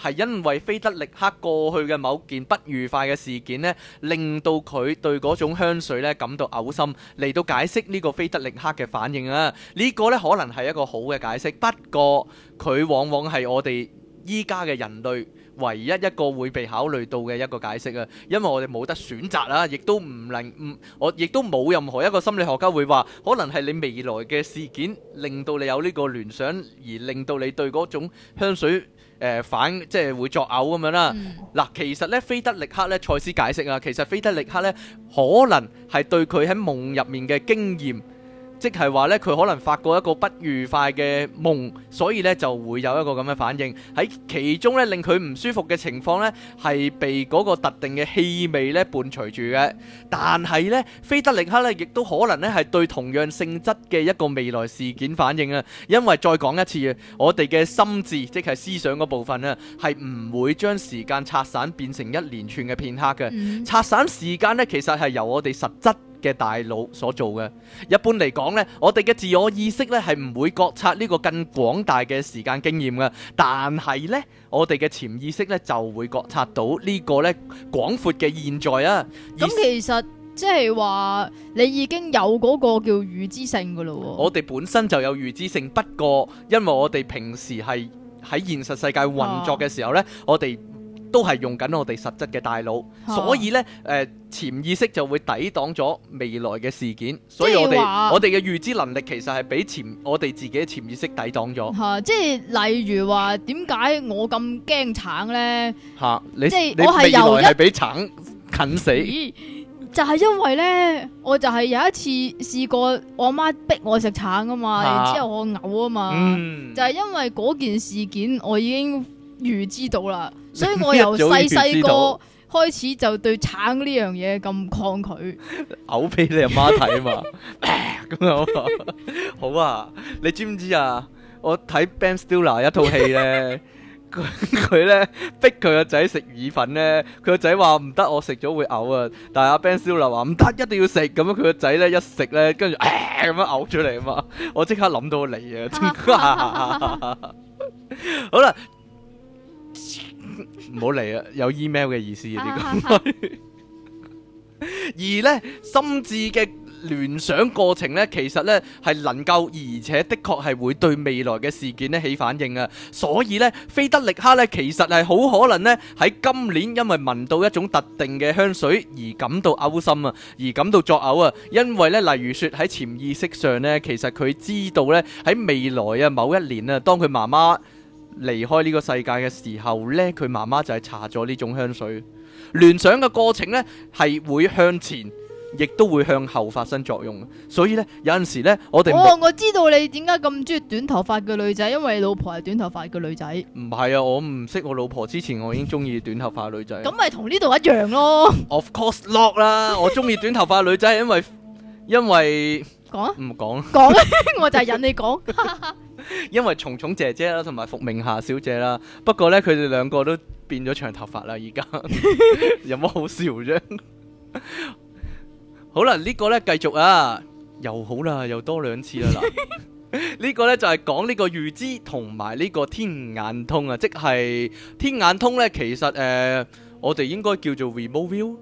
係因為菲德力克過去嘅某件不愉快嘅事件呢，令到佢對嗰種香水呢感到嘔心，嚟到解釋呢個菲德力克嘅反應啊！呢個呢可能係一個好嘅解釋，不過佢往往係我哋依家嘅人類唯一一個會被考慮到嘅一個解釋啊！因為我哋冇得選擇啦，亦都唔能唔我亦都冇任何一個心理學家會話，可能係你未來嘅事件令到你有呢個聯想，而令到你對嗰種香水。誒、呃、反即係會作嘔咁樣啦。嗱、嗯，其實咧，菲德力克咧，賽斯解釋啊，其實菲德力克咧，可能係對佢喺夢入面嘅經驗。即係話咧，佢可能發過一個不愉快嘅夢，所以咧就會有一個咁嘅反應。喺其中咧令佢唔舒服嘅情況咧係被嗰個特定嘅氣味咧伴隨住嘅。但係咧，菲德利克咧亦都可能咧係對同樣性質嘅一個未來事件反應啊。因為再講一次，我哋嘅心智即係思想嗰部分啊，係唔會將時間拆散變成一連串嘅片刻嘅。嗯。拆散時間咧，其實係由我哋實質。嘅大腦所做嘅，一般嚟講咧，我哋嘅自我意識咧係唔會覺察呢個更廣大嘅時間經驗嘅，但係咧，我哋嘅潛意識咧就會覺察到呢個咧廣闊嘅現在啊。咁、嗯、其實即係話，你已經有嗰個叫預知性噶咯、哦。我哋本身就有預知性，不過因為我哋平時係喺現實世界運作嘅時候咧，啊、我哋。都係用緊我哋實質嘅大腦，啊、所以咧，誒、呃，潛意識就會抵擋咗未來嘅事件，所以我哋我哋嘅預知能力其實係俾潛我哋自己潛意識抵擋咗。吓、啊，即、就、係、是、例如話，點解我咁驚橙咧？吓、啊，即係我係又係俾橙近死，就係因為咧，我就係有一次試過我媽逼我食橙啊嘛，之、啊、後我嘔啊嘛，嗯、就係因為嗰件事件我已經。魚知道啦，所以我由細細個開始就對橙呢樣嘢咁抗拒，嘔俾你阿媽睇啊嘛，咁樣 *laughs* *laughs* 好啊？你知唔知啊、er？ *laughs* 我睇 Ben Stiller 一套戲咧，佢佢咧逼佢個仔食意粉咧，佢個仔話唔得，我食咗會嘔啊！但係阿 Ben Stiller 話唔得，一定要食，咁樣佢個仔咧一食咧，跟住咁、啊、樣嘔出嚟啊嘛，我即刻諗到你啊，好啦。唔好嚟啊！有 email 嘅意思呢啲而呢心智嘅聯想過程呢，其實呢係能夠而且的確係會對未來嘅事件呢起反應啊！所以呢，菲德力克呢，其實係好可能呢喺今年因為聞到一種特定嘅香水而感到嘔心啊，而感到作嘔啊！因為呢，例如說喺潛意識上呢，其實佢知道呢，喺未來啊某一年啊，當佢媽媽，離開呢個世界嘅時候呢，佢媽媽就係搽咗呢種香水。聯想嘅過程呢，係會向前，亦都會向後發生作用。所以呢，有陣時呢我哋哦，我知道你點解咁中意短頭髮嘅女仔，因為老婆係短頭髮嘅女仔。唔係啊，我唔識我老婆之前，我已經中意短頭髮女仔。咁咪同呢度一樣咯。Of course lock 啦，我中意短頭髮女仔係因為 *laughs* 因為講啊，唔講說，講說 *laughs* 我就係引你講。 *laughs* 因為蟲蟲姐姐啦，同埋伏明霞小姐啦，不過咧，佢哋兩個都變咗長頭髮啦，而家 *laughs* *laughs* 有乜好笑啫？ *laughs* 好啦，這個、呢個咧繼續啊，又好啦，又多兩次啦嗱， *laughs* *laughs* 個呢、就是、講個咧就係講呢個預知同埋呢個天眼通啊，即係天眼通咧，其實誒、呃，我哋應該叫做 removal。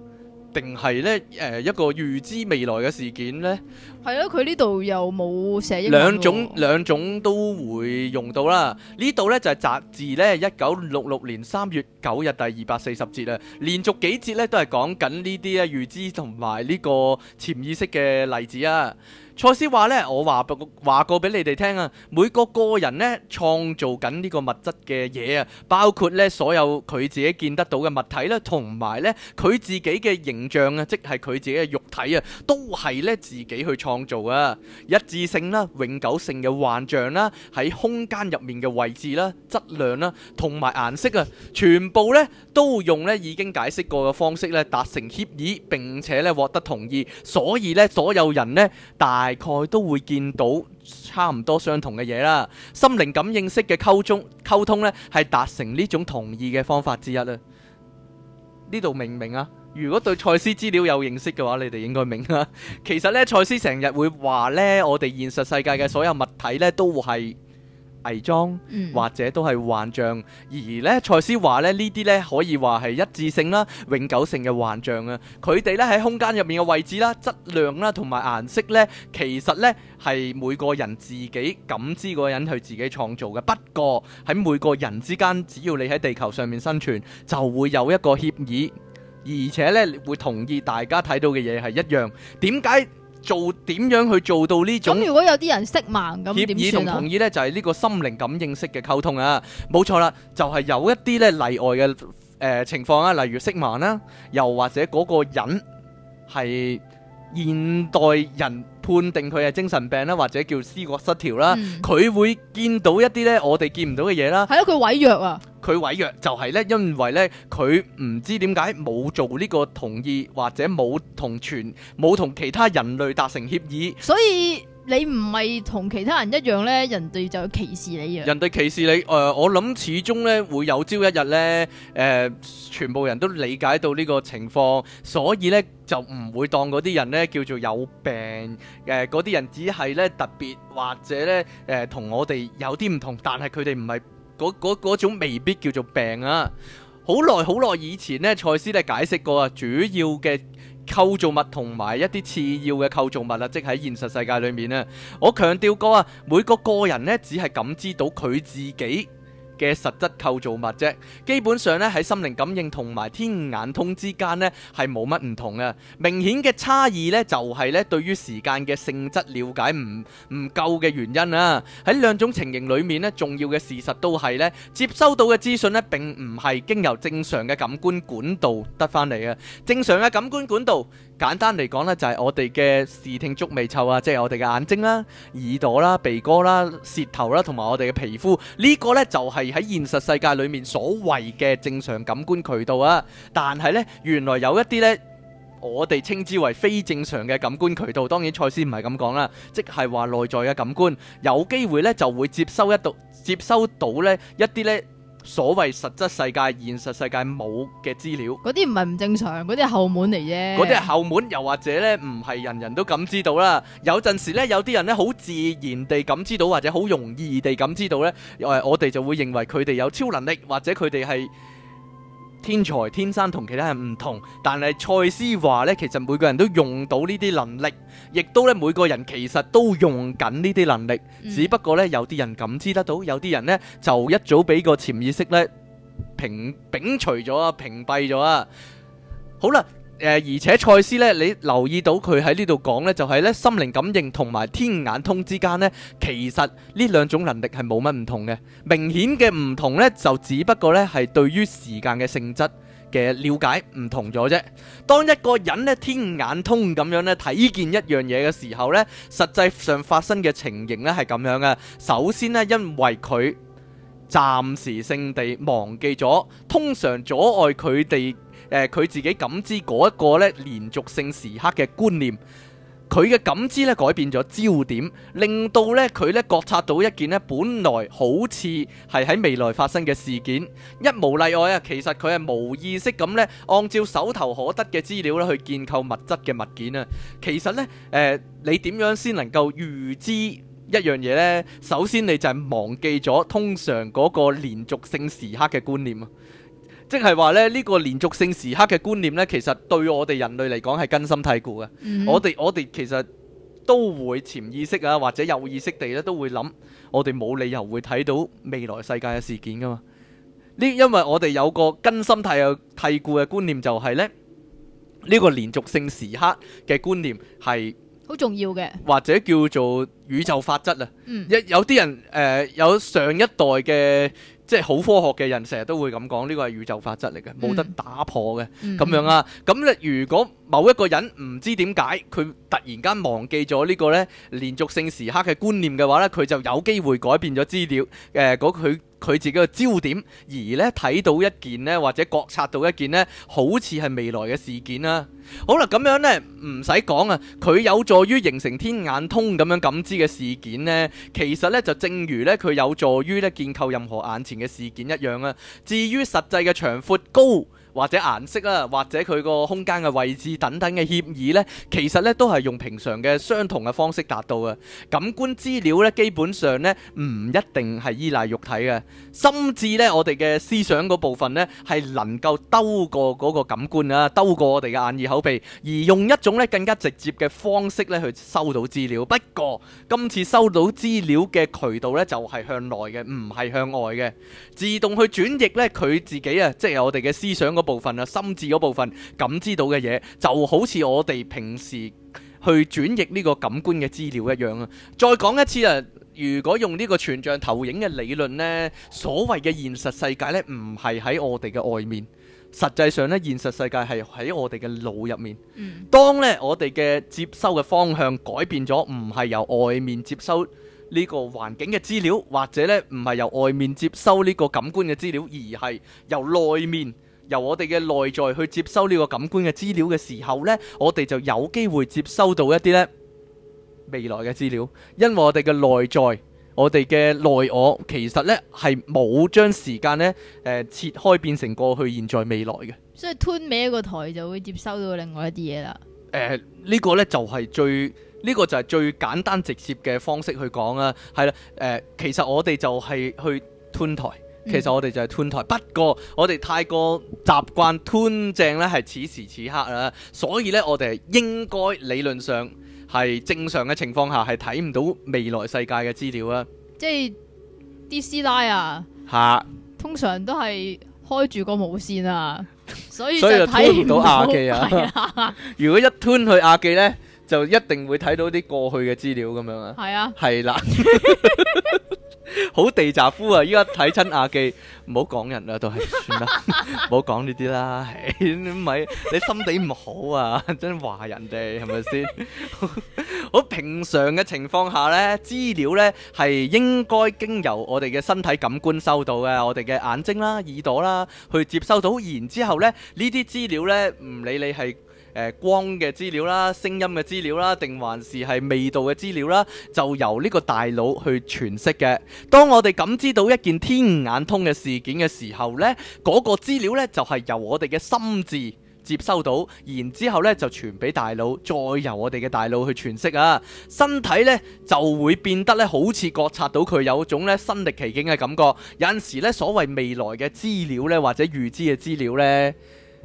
定係咧誒一個預知未來嘅事件呢？係咯、啊，佢呢度又冇寫。兩種兩種都會用到啦。呢度呢就係摘自咧，一九六六年三月九日第二百四十節啊，連續幾節呢都係講緊呢啲咧預知同埋呢個潛意識嘅例子啊。賽斯話咧，我話過話過俾你哋聽啊，每個個人咧創造緊呢個物質嘅嘢啊，包括咧所有佢自己見得到嘅物體啦、啊，同埋咧佢自己嘅形象啊，即係佢自己嘅肉體啊，都係咧自己去創造啊，一致性啦、啊、永久性嘅幻象啦、啊，喺空間入面嘅位置啦、啊、質量啦同埋顏色啊，全部咧都用咧已經解釋過嘅方式咧達成協議，並且咧獲得同意，所以咧所有人咧大大概都會見到差唔多相同嘅嘢啦，心靈感應式嘅溝通溝通咧，係達成呢種同意嘅方法之一啊！呢度明唔明啊？如果對賽斯資料有認識嘅話，你哋應該明啊！其實咧，賽斯成日會話呢，我哋現實世界嘅所有物體咧，都係。偽裝或者都係幻象，而呢賽斯話咧，呢啲咧可以話係一致性啦、永久性嘅幻象啊。佢哋咧喺空間入面嘅位置啦、質量啦同埋顏色咧，其實咧係每個人自己感知嗰個人去自己創造嘅。不過喺每個人之間，只要你喺地球上面生存，就會有一個協議，而且咧會同意大家睇到嘅嘢係一樣。點解？做點樣去做到呢種？咁如果有啲人色盲咁點算啊？協議同同意呢，就係呢個心靈感應式嘅溝通啊！冇錯啦，就係有一啲呢例外嘅誒情況啊，例如色盲啦，又或者嗰個人係現代人判定佢係精神病啦，或者叫思覺失調啦，佢會見到一啲呢我哋見唔到嘅嘢啦。係咯，佢毀約啊！佢違約就係咧，因為咧佢唔知點解冇做呢個同意，或者冇同全冇同其他人類達成協議，所以你唔係同其他人一樣咧，人哋就要歧視你啊！人哋歧視你，誒、呃，我諗始終咧會有朝一日咧，誒、呃，全部人都理解到呢個情況，所以咧就唔會當嗰啲人咧叫做有病，誒、呃，嗰啲人只係咧特別或者咧誒同我哋有啲唔同，但係佢哋唔係。嗰嗰嗰種未必叫做病啊！好耐好耐以前呢，賽斯咧解釋過啊，主要嘅構造物同埋一啲次要嘅構造物啊，即喺現實世界裏面咧，啊，我強調過啊，每個個人呢，只係感知到佢自己嘅實質構造物啫，基本上咧喺心靈感應同埋天眼通之間咧係冇乜唔同嘅，明顯嘅差異呢，就係咧對於時間嘅性質了解唔唔夠嘅原因啊。喺兩種情形裡面咧，重要嘅事實都係咧接收到嘅資訊咧並唔係經由正常嘅感官管道得翻嚟嘅，正常嘅感官管道。簡單嚟講呢，就係我哋嘅視聽觸味嗅啊，即係我哋嘅眼睛啦、耳朵啦、鼻哥啦、舌頭啦，同埋我哋嘅皮膚，呢個呢，就係喺現實世界裏面所謂嘅正常感官渠道啊。但係呢，原來有一啲呢，我哋稱之為非正常嘅感官渠道。當然賽斯唔係咁講啦，即係話，內在嘅感官有機會呢就會接收，一度接收到呢一啲呢。所謂實質世界、現實世界冇嘅資料，嗰啲唔係唔正常，嗰啲係後門嚟啫。嗰啲係後門，又或者咧唔係人人都感知到啦。有陣時咧，有啲人咧好自然地感知到，或者好容易地感知到咧，誒，我哋就會認為佢哋有超能力，或者佢哋係。天才天生同其他人唔同，但係賽斯話呢，其實每個人都用到呢啲能力，亦都咧每個人其實都用緊呢啲能力，嗯、只不過呢，有啲人感知得到，有啲人呢，就一早俾個潛意識呢，屏摒除咗啊，屏蔽咗啊，好啦。誒，而且賽斯咧，你留意到佢喺呢度講呢，就係呢，心靈感應同埋天眼通之間呢，其實呢兩種能力係冇乜唔同嘅。明顯嘅唔同呢，就只不過呢係對於時間嘅性質嘅了解唔同咗啫。當一個人呢，天眼通咁樣呢睇見一樣嘢嘅時候呢，實際上發生嘅情形呢係咁樣嘅。首先呢，因為佢暫時性地忘記咗，通常阻礙佢哋。誒佢、呃、自己感知嗰一個咧連續性時刻嘅觀念，佢嘅感知咧改變咗焦點，令到咧佢咧覺察到一件咧本來好似係喺未來發生嘅事件，一無例外啊！其實佢係無意識咁咧，按照手頭可得嘅資料啦去建構物質嘅物件啊！其實咧誒、呃，你點樣先能夠預知一樣嘢呢？首先你就係忘記咗通常嗰個連續性時刻嘅觀念啊！即係話咧，呢個連續性時刻嘅觀念呢，其實對我哋人類嚟講係根深蒂固嘅。Mm-hmm。我哋我哋其實都會潛意識啊，或者有意識地咧，都會諗我哋冇理由會睇到未來世界嘅事件㗎嘛。呢因為我哋有個根深蒂固嘅觀念，就係咧呢個連續性時刻嘅觀念係好重要嘅，或者叫做宇宙法則啊。一有啲人誒，有上一代嘅。即係好科學嘅人，成日都會咁講，呢個係宇宙法則嚟嘅，冇得打破嘅咁、嗯、樣啊！咁咧如果，某一個人唔知點解佢突然間忘記咗呢個咧連續性時刻嘅觀念嘅話呢，佢就有機會改變咗資料。誒、呃，佢佢自己嘅焦點，而呢睇到一件呢，或者覺察到一件呢，好似係未來嘅事件啦、啊。好啦，咁樣呢，唔使講啊，佢有助於形成天眼通咁樣感知嘅事件呢，其實呢，就正如呢，佢有助於呢，建構任何眼前嘅事件一樣啦、啊。至於實際嘅長闊高。或者顏色啦，或者佢個空間嘅位置等等嘅協議咧，其實咧都係用平常嘅相同嘅方式達到嘅。感官資料咧，基本上咧唔一定係依賴肉體嘅，甚至咧我哋嘅思想部分咧係能夠兜過嗰個感官啊，兜過我哋嘅眼耳口鼻，而用一種咧更加直接嘅方式咧去收到資料。不過今次收到資料嘅渠道咧就係向內嘅，唔係向外嘅，自動去轉譯咧佢自己啊，即係我哋嘅思想嗰部分啊，心智嗰部分感知到嘅嘢，就好似我哋平時去轉譯呢個感官嘅資料一樣啊，再講一次啊，如果用呢個全像投影嘅理論咧，所謂嘅現實世界咧，唔係喺我哋嘅外面，實際上咧，現實世界係喺我哋嘅腦入面。嗯。當咧我哋嘅接收嘅方向改變咗，唔係由外面接收呢個環境嘅資料，或者咧唔係由外面接收呢個感官嘅資料，而係由內面。由我哋嘅內在去接收呢個感官嘅資料嘅時候咧，我哋就有機會接收到一啲咧未來嘅資料，因為我哋嘅內在，我哋嘅內我其實咧係冇將時間咧誒切開變成過去、現在、未來嘅，所以吞尾一個台就會接收到另外一啲嘢啦。誒、呃，這個、呢個咧就係、是、最呢、這個就係最簡單直接嘅方式去講啦，啊，係啦，誒、呃，其實我哋就係去吞台。其實我哋就係吞台，不過我哋太過習慣吞正呢係此時此刻啦，所以呢，我哋應該理論上係正常嘅情況下係睇唔到未來世界嘅資料啦。即係啲師奶啊，啊通常都係開住個無線啊，所以就睇唔 *laughs* *laughs* 到亞、啊、記啊。 *laughs* *laughs* 如果一吞去亞、啊、記呢？就一定會睇到啲過去嘅資料咁樣啊？係啊，係啦，好地扎夫啊！依家睇親阿記，唔好講人啦，都係算啦，唔好講呢啲啦，你唔係你心地唔好啊！真係話人哋係咪先？好平常嘅情況下咧，資料咧係應該經由我哋嘅身體感官收到嘅，我哋嘅眼睛啦、耳朵啦，去接收到，然之後咧呢啲資料咧，唔理你係。呃、光嘅資料啦，聲音嘅資料啦，定還是係味道嘅資料啦，就由呢個大腦去詮釋嘅。當我哋感知到一件天眼通嘅事件嘅時候呢，嗰、嗰個資料呢，就係由我哋嘅心智接收到，然之後咧就傳俾大腦，再由我哋嘅大腦去詮釋啊。身體呢，就會變得呢，好似覺察到佢有種呢身歷其境嘅感覺。有陣時咧所謂未來嘅資料呢，或者預知嘅資料呢。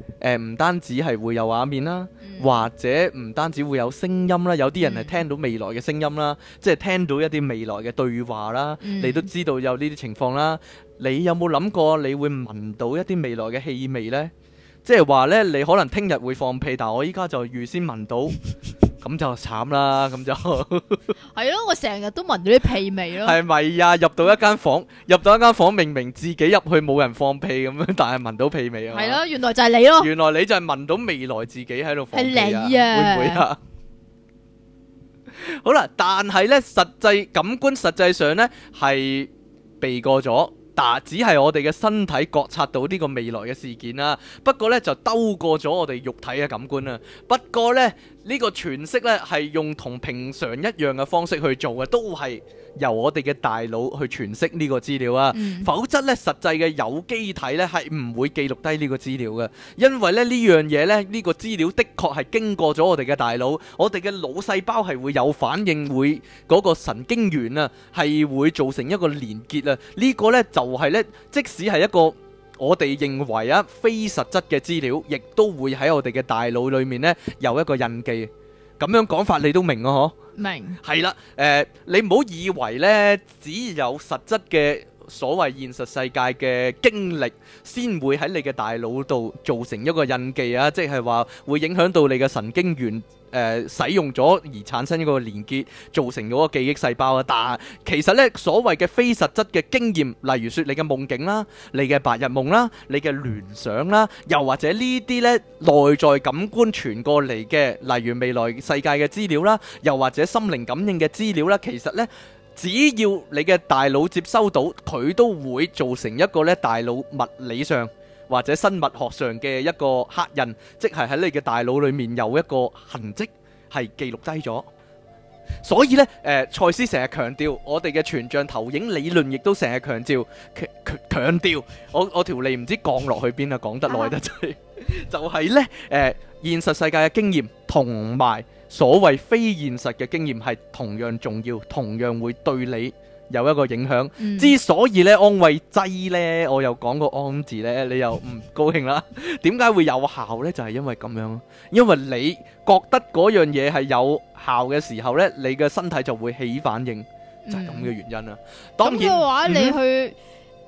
誒、呃、唔單止係會有畫面啦，嗯、或者唔單止會有聲音啦，有啲人係聽到未來嘅聲音啦，即係聽到一啲未來嘅對話啦，嗯、你都知道有呢啲情況啦。你有冇諗過你會聞到一啲未來嘅氣味呢？即係話呢，你可能聽日會放屁，但我依家就預先聞到。 *laughs* 咁就慘啦，咁就係咯，我成日都聞到啲屁味咯。係咪呀？入到一間房，入到一間房，明明自己入去冇人放屁咁樣，但係聞到屁味啊！係咯，原來就係你咯。原來你就係聞到未來自己喺度放屁，啊、係你啊？會唔會啊？ *laughs* 好啦，但係呢實際感官實際上呢，係避過咗，但只係我哋嘅身體覺察到呢個未來嘅事件啦。不過呢，就兜過咗我哋肉體嘅感官啦。不過呢。呢個詮釋呢，係用同平常一樣嘅方式去做嘅，都係由我哋嘅大腦去詮釋呢個資料啊。嗯、否則呢，實際嘅有機體呢，係唔會記錄低呢個資料嘅，因為咧呢樣嘢呢，這個、呢、呢個資料的確係經過咗我哋嘅大腦，我哋嘅腦細胞係會有反應，會嗰個神經元啊係會造成一個連結啊。呢、呢個呢，就係、是、呢，即使係一個。我哋認為啊，非實質嘅資料，亦都會喺我哋嘅大腦裏面咧有一個印記。咁樣講法你都明啊，嗬？明。係啦，誒，你唔好以為呢，只有實質嘅，所謂現實世界嘅經歷，先會喺你嘅大腦度造成一個印記啊！即係話會影響到你嘅神經元誒、呃、使用咗而產生一個連結，造成嗰個記憶細胞啊！但其實呢，所謂嘅非實質嘅經驗，例如説你嘅夢境啦、你嘅白日夢啦、你嘅聯想啦，又或者呢啲咧內在感官傳過嚟嘅，例如未來世界嘅資料啦，又或者心靈感應嘅資料啦，其實呢，只要你嘅大腦接收到，佢都會造成一個咧大腦物理上或者生物學上嘅一個刻印，即係喺你嘅大腦裏面有一個痕跡係記錄低咗。所以呢，誒、呃，賽斯成日強調，我哋嘅全像投影理論亦都成日強調，強強調，我我條脷唔知降落去邊啊，講 *laughs* 得耐得滯，就係、是、呢誒、呃，現實世界嘅經驗同埋。所謂非現實嘅經驗係同樣重要，同樣會對你有一個影響。之所以呢安慰劑呢，我又講個安字呢，你又唔高興啦。點解會有效呢？就係因為咁樣，因為你覺得嗰樣嘢係有效嘅時候呢，你嘅身體就會起反應，就係咁嘅原因啦。當然，咁嘅話你去。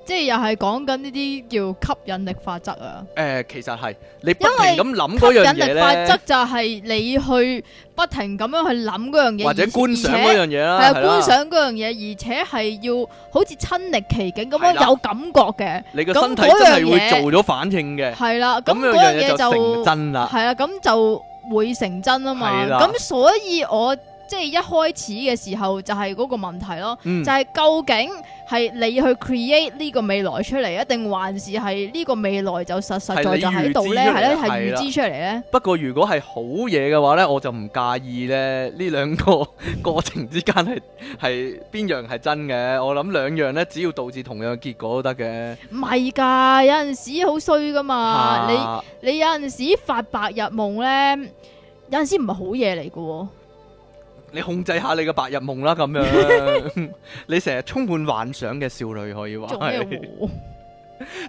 即係又係講緊呢啲叫吸引力法則啊！誒、呃，其實係你不停咁諗嗰樣嘢咧，因為吸引力法則就係你去不停咁樣去諗嗰樣嘢，或者觀賞嗰樣嘢啦，係啦，觀賞嗰樣嘢，而且係要好似親歷其境咁樣了有感覺嘅，你個身體真係會做咗反應嘅，係啦了，咁嗰樣嘢就成真啦，係啊，咁就會成真啊嘛，咁了所以我。即係一開始嘅時候就係嗰個問題咯，嗯、就係究竟係你去 create 呢個未來出嚟，一定還是係呢個未來就實實在在喺度呢？係咧係預知出嚟呢？對了 不過如果係好嘢嘅話呢，我就唔介意呢。呢兩個過程之間係係邊樣係真嘅？我諗兩樣呢，只要導致同樣嘅結果都得嘅。唔係噶，有陣時好衰噶嘛，啊、你你有陣時發白日夢呢，有陣時唔係好嘢嚟噶。你控制下你個白日夢啦，咁樣 *laughs* *laughs* 你成日充滿幻想嘅少女可以話。 *laughs*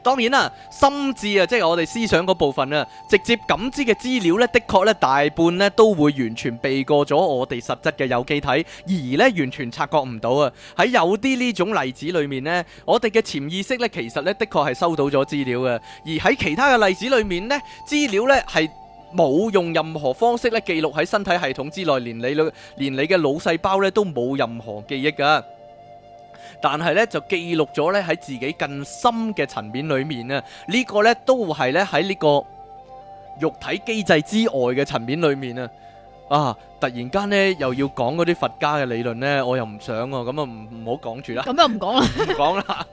當然啦，心智啊，即係我哋思想嗰部分啊，直接感知嘅資料呢，的確呢，大半呢都會完全避過咗我哋實質嘅有機體，而呢，完全察覺唔到啊。喺有啲呢種例子裏面呢，我哋嘅潛意識呢，其實呢，的確係收到咗資料嘅，而喺其他嘅例子裏面呢，資料呢係，冇用任何方式咧，記錄喺身體系統之內，連你嘅連你嘅腦細胞咧都冇任何記憶㗎。但係咧就記錄咗咧喺自己更深嘅層面裡面啊！這個、呢個咧都係咧喺呢個肉體機制之外嘅層面裡面啊啊！突然間咧又要講嗰啲佛家嘅理論咧，我又唔想喎、啊，咁啊唔唔好講住啦。咁又唔講啦，唔講啦。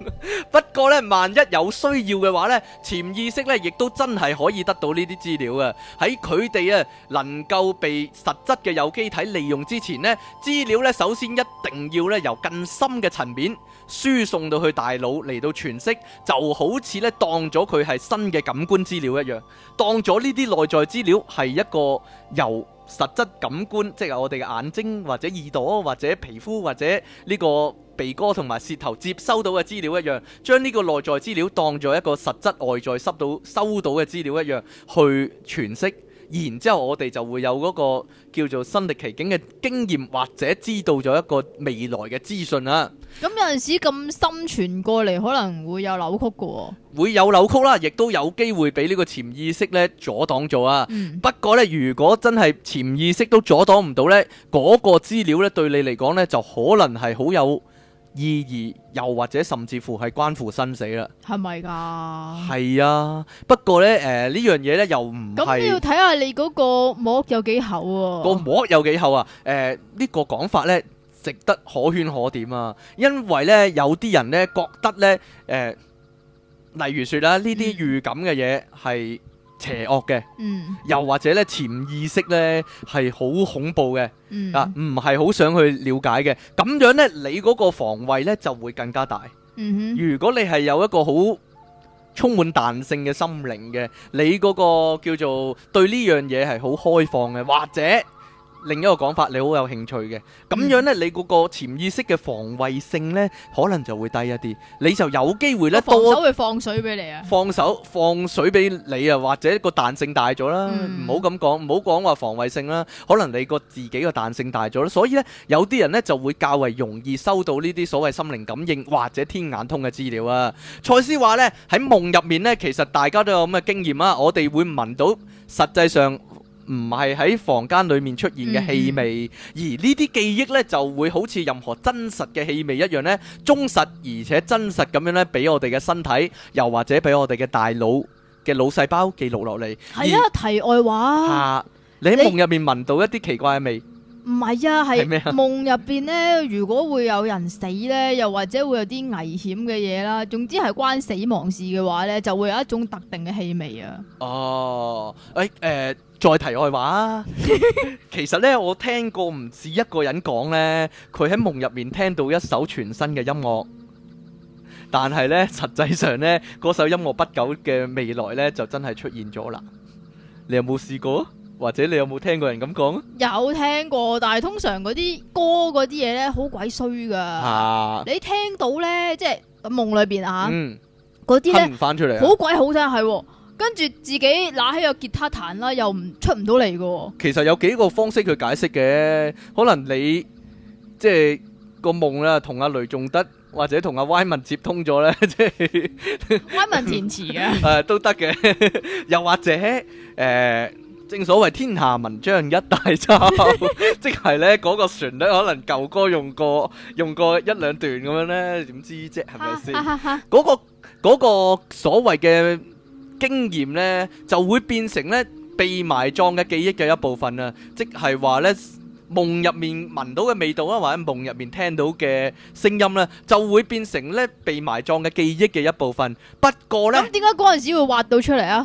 不過咧，萬一有需要嘅話咧，潛意識咧亦都真係可以得到呢啲資料啊！喺佢哋啊能夠被實質嘅有機體利用之前呢，資料咧首先一定要咧由更深嘅層面，輸送到去大腦嚟到詮釋，就好似咧當咗佢係新嘅感官資料一樣，當咗呢啲內在資料係一個由實質感官，即係我哋嘅眼睛或者耳朵或者皮膚或者呢個鼻哥同埋舌頭接收到嘅資料一樣，將呢個內在資料當做一個實質外在濕到收到嘅資料一樣去詮釋。然之後我哋就會有嗰個叫做身歷其境嘅經驗，或者知道咗一個未來嘅資訊啊，咁有陣時咁深傳過嚟，可能會有扭曲噶，哦，會有扭曲啦，亦都有機會俾呢個潛意識咧阻擋咗啊。嗯、不過呢，如果真係潛意識都阻擋唔到呢嗰個資料呢，對你嚟講呢，就可能係好有意義又或者甚至乎係關乎生死啦，係咪㗎？係啊，不過咧，誒、呃、呢樣嘢咧又唔咁，你要睇下你嗰個膜有幾厚喎？個膜有幾厚啊？誒、啊呃呢個、呢個講法咧值得可圈可點啊，因為呢有啲人咧覺得呢，誒、呃，例如説啦，呢啲預感嘅嘢係。嗯邪惡嘅，嗯，又或者咧潛意識咧係好恐怖嘅，嗯，啊唔係好想去了解嘅，咁樣咧你嗰個防衛咧就會更加大。如果你係有一個好充滿彈性嘅心靈嘅，你嗰個叫做對呢樣嘢係好開放嘅，或者。另一個講法，你好有興趣嘅，咁樣咧，你嗰個潛意識嘅防衞性咧，可能就會低一啲，你就有機會咧，放手去放水俾你啊！放手放水俾你啊，或者個彈性大咗啦，唔好咁講，唔好講話防衞性啦，可能你個自己個彈性大咗啦，所以咧，有啲人咧就會較為容易收到呢啲所謂心靈感應或者天眼通嘅資料啊。賽斯話咧喺夢入面咧，其實大家都有咁嘅經驗啊，我哋會聞到實際上，唔係喺房間裏面出現嘅氣味，嗯嗯，而呢啲記憶咧就會好似任何真實嘅氣味一樣咧，忠實而且真實咁樣咧，俾我哋嘅身體，又或者俾我哋嘅大腦嘅腦細胞記錄落嚟。係啊，題外話吓，啊，你喺夢入面聞到一啲奇怪嘅味。唔係啊，係夢入邊呢，如果會有人死呢，又或者會有啲危險嘅嘢啦。總之係關死亡事嘅話呢，就會有一種特定嘅氣味啊。哦，誒、欸、誒、呃，再題外話 *laughs* 其實呢，我聽過唔止一個人講呢，佢喺夢入面聽到一首全新嘅音樂，但係呢，實際上呢，嗰首音樂不久嘅未來呢，就真係出現咗啦。你有冇試過？或者你有冇聽過人咁講？有聽過，但係通常嗰啲歌嗰啲嘢咧，好鬼衰噶。啊！你聽到咧，即係夢裏邊吓，嗰啲咧好鬼好聽係、哦，跟住自己拿起個吉他彈啦，又唔出唔到嚟噶。其實有幾個方式去解釋嘅，可能你即係個夢啦，同阿雷仲德，或者同阿 y *laughs* 歪文接通咗咧，即係歪文填詞嘅，誒，都得嘅，又或者誒。呃正所謂天下文章一大抄， *laughs* *laughs* 即、那、係、個、呢嗰個旋律可能舊歌用過，用過一兩段咁樣呢，點知啫？係咪先？嗰、 *laughs* 那個、那個所謂嘅經驗呢，就會變成呢被埋葬嘅記憶嘅一部分啊！即係話呢，夢入面聞到嘅味道啊，或者夢入面聽到嘅聲音呢，就會變成呢被埋葬嘅記憶嘅一部分。不過呢，咁點解嗰陣時會挖到出嚟啊？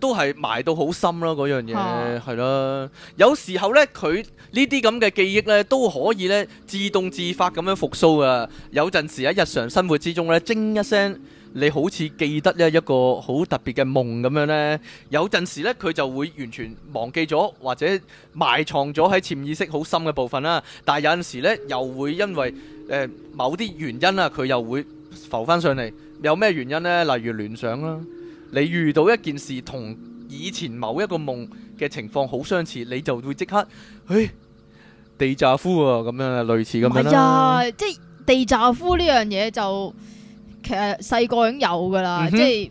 都係埋到好深咯，嗰樣嘢係啦。有時候呢，佢呢啲咁嘅記憶呢，都可以呢自動自發咁樣復甦啊。有陣時喺日常生活之中呢，精一聲，你好似記得咧一個好特別嘅夢咁樣呢。有陣時呢，佢就會完全忘記咗，或者埋藏咗喺潛意識好深嘅部分啦。但係有陣時呢，又會因為、呃、某啲原因啊，佢又會浮翻上嚟。有咩原因呢？例如聯想啦。你遇到一件事同以前某一個夢嘅情況好相似，你就會即刻，誒，地詐夫啊，咁樣類似咁樣啦，啊。係啊，即係地詐夫呢樣嘢就其實細個已經有噶啦，嗯、哼即係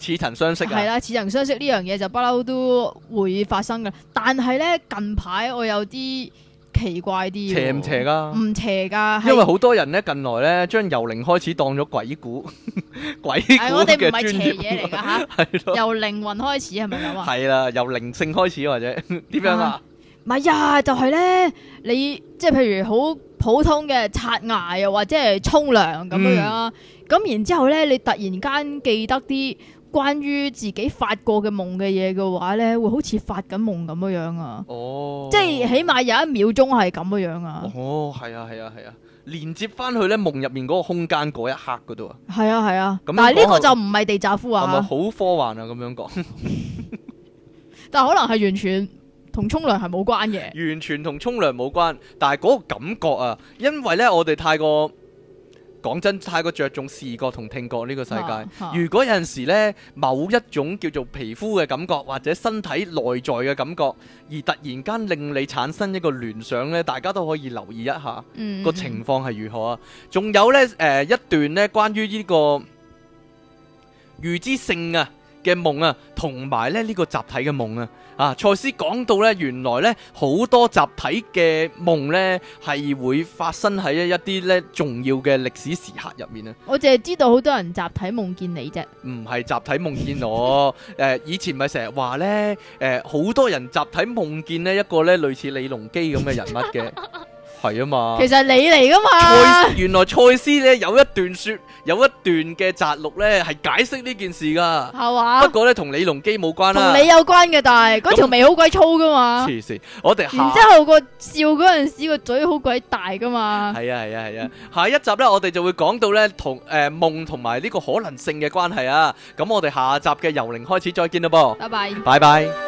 似曾相識，啊。係啦，啊，似曾相識呢樣嘢就不嬲都會發生噶。但係呢，近排我有啲。奇怪啲，邪唔邪噶？唔邪噶，因為好多人咧，近來咧將由靈開始當咗鬼故， *laughs* 鬼故。哎，鬼故嘅專業啊吓，係咯，由靈魂開始係咪咁啊？係啦，由靈性開始或者點樣啊？唔係啊，就係咧，你即係譬如好普通嘅刷牙又或者係沖涼咁樣樣啊，咁，嗯，然之後咧你突然間記得啲。關於自己發過嘅夢嘅嘢嘅話呢，會好似發緊夢咁樣樣啊！哦，oh, 即係起碼有一秒鐘係咁樣樣啊！哦、oh, 啊，係啊係啊係啊，連接翻去呢夢入面嗰個空間嗰一刻嗰度啊！係啊係啊，樣說說，但係呢個就唔係地煞夫啊！係咪好科幻啊？咁樣講， *laughs* *laughs* 但係可能係完全同沖涼係冇關嘅，完全同沖涼冇關，但係嗰個感覺啊，因為呢我哋太過。講真，太過着重視覺同聽覺呢個世界，啊啊、如果有陣時咧，某一種叫做皮膚嘅感覺或者身體內在嘅感覺，而突然間令你產生一個聯想咧，大家都可以留意一下、嗯、個情況係如何啊？仲有呢誒、呃、一段咧關於呢個預知性啊嘅夢啊，同埋咧呢個集體嘅夢啊。啊！賽斯講到咧，原來咧好多集體嘅夢咧係會發生喺一啲咧重要嘅歷史時刻入面啊！我淨係知道好多人集體夢見你啫，唔係集體夢見我。誒、 *laughs* 呃，以前咪成日話呢，誒、呃、好多人集體夢見咧一個咧類似李隆基咁嘅人物嘅。 *laughs* 係啊嘛，其實係你嚟噶嘛。賽斯原來賽斯咧有一段說，有一段嘅摘錄咧係解釋呢件事噶，係嘛吧？不過咧同李隆基冇關啦、啊，同你有關嘅，但係嗰條眉好鬼粗噶嘛。黐線，我哋然後之後個笑嗰陣時個嘴好鬼大噶嘛。係啊係啊係啊，啊，下一集咧我哋就會講到咧同誒夢同埋呢個可能性嘅關係啊。咁我哋下集嘅遊靈開始再見咯噃，拜拜，拜拜。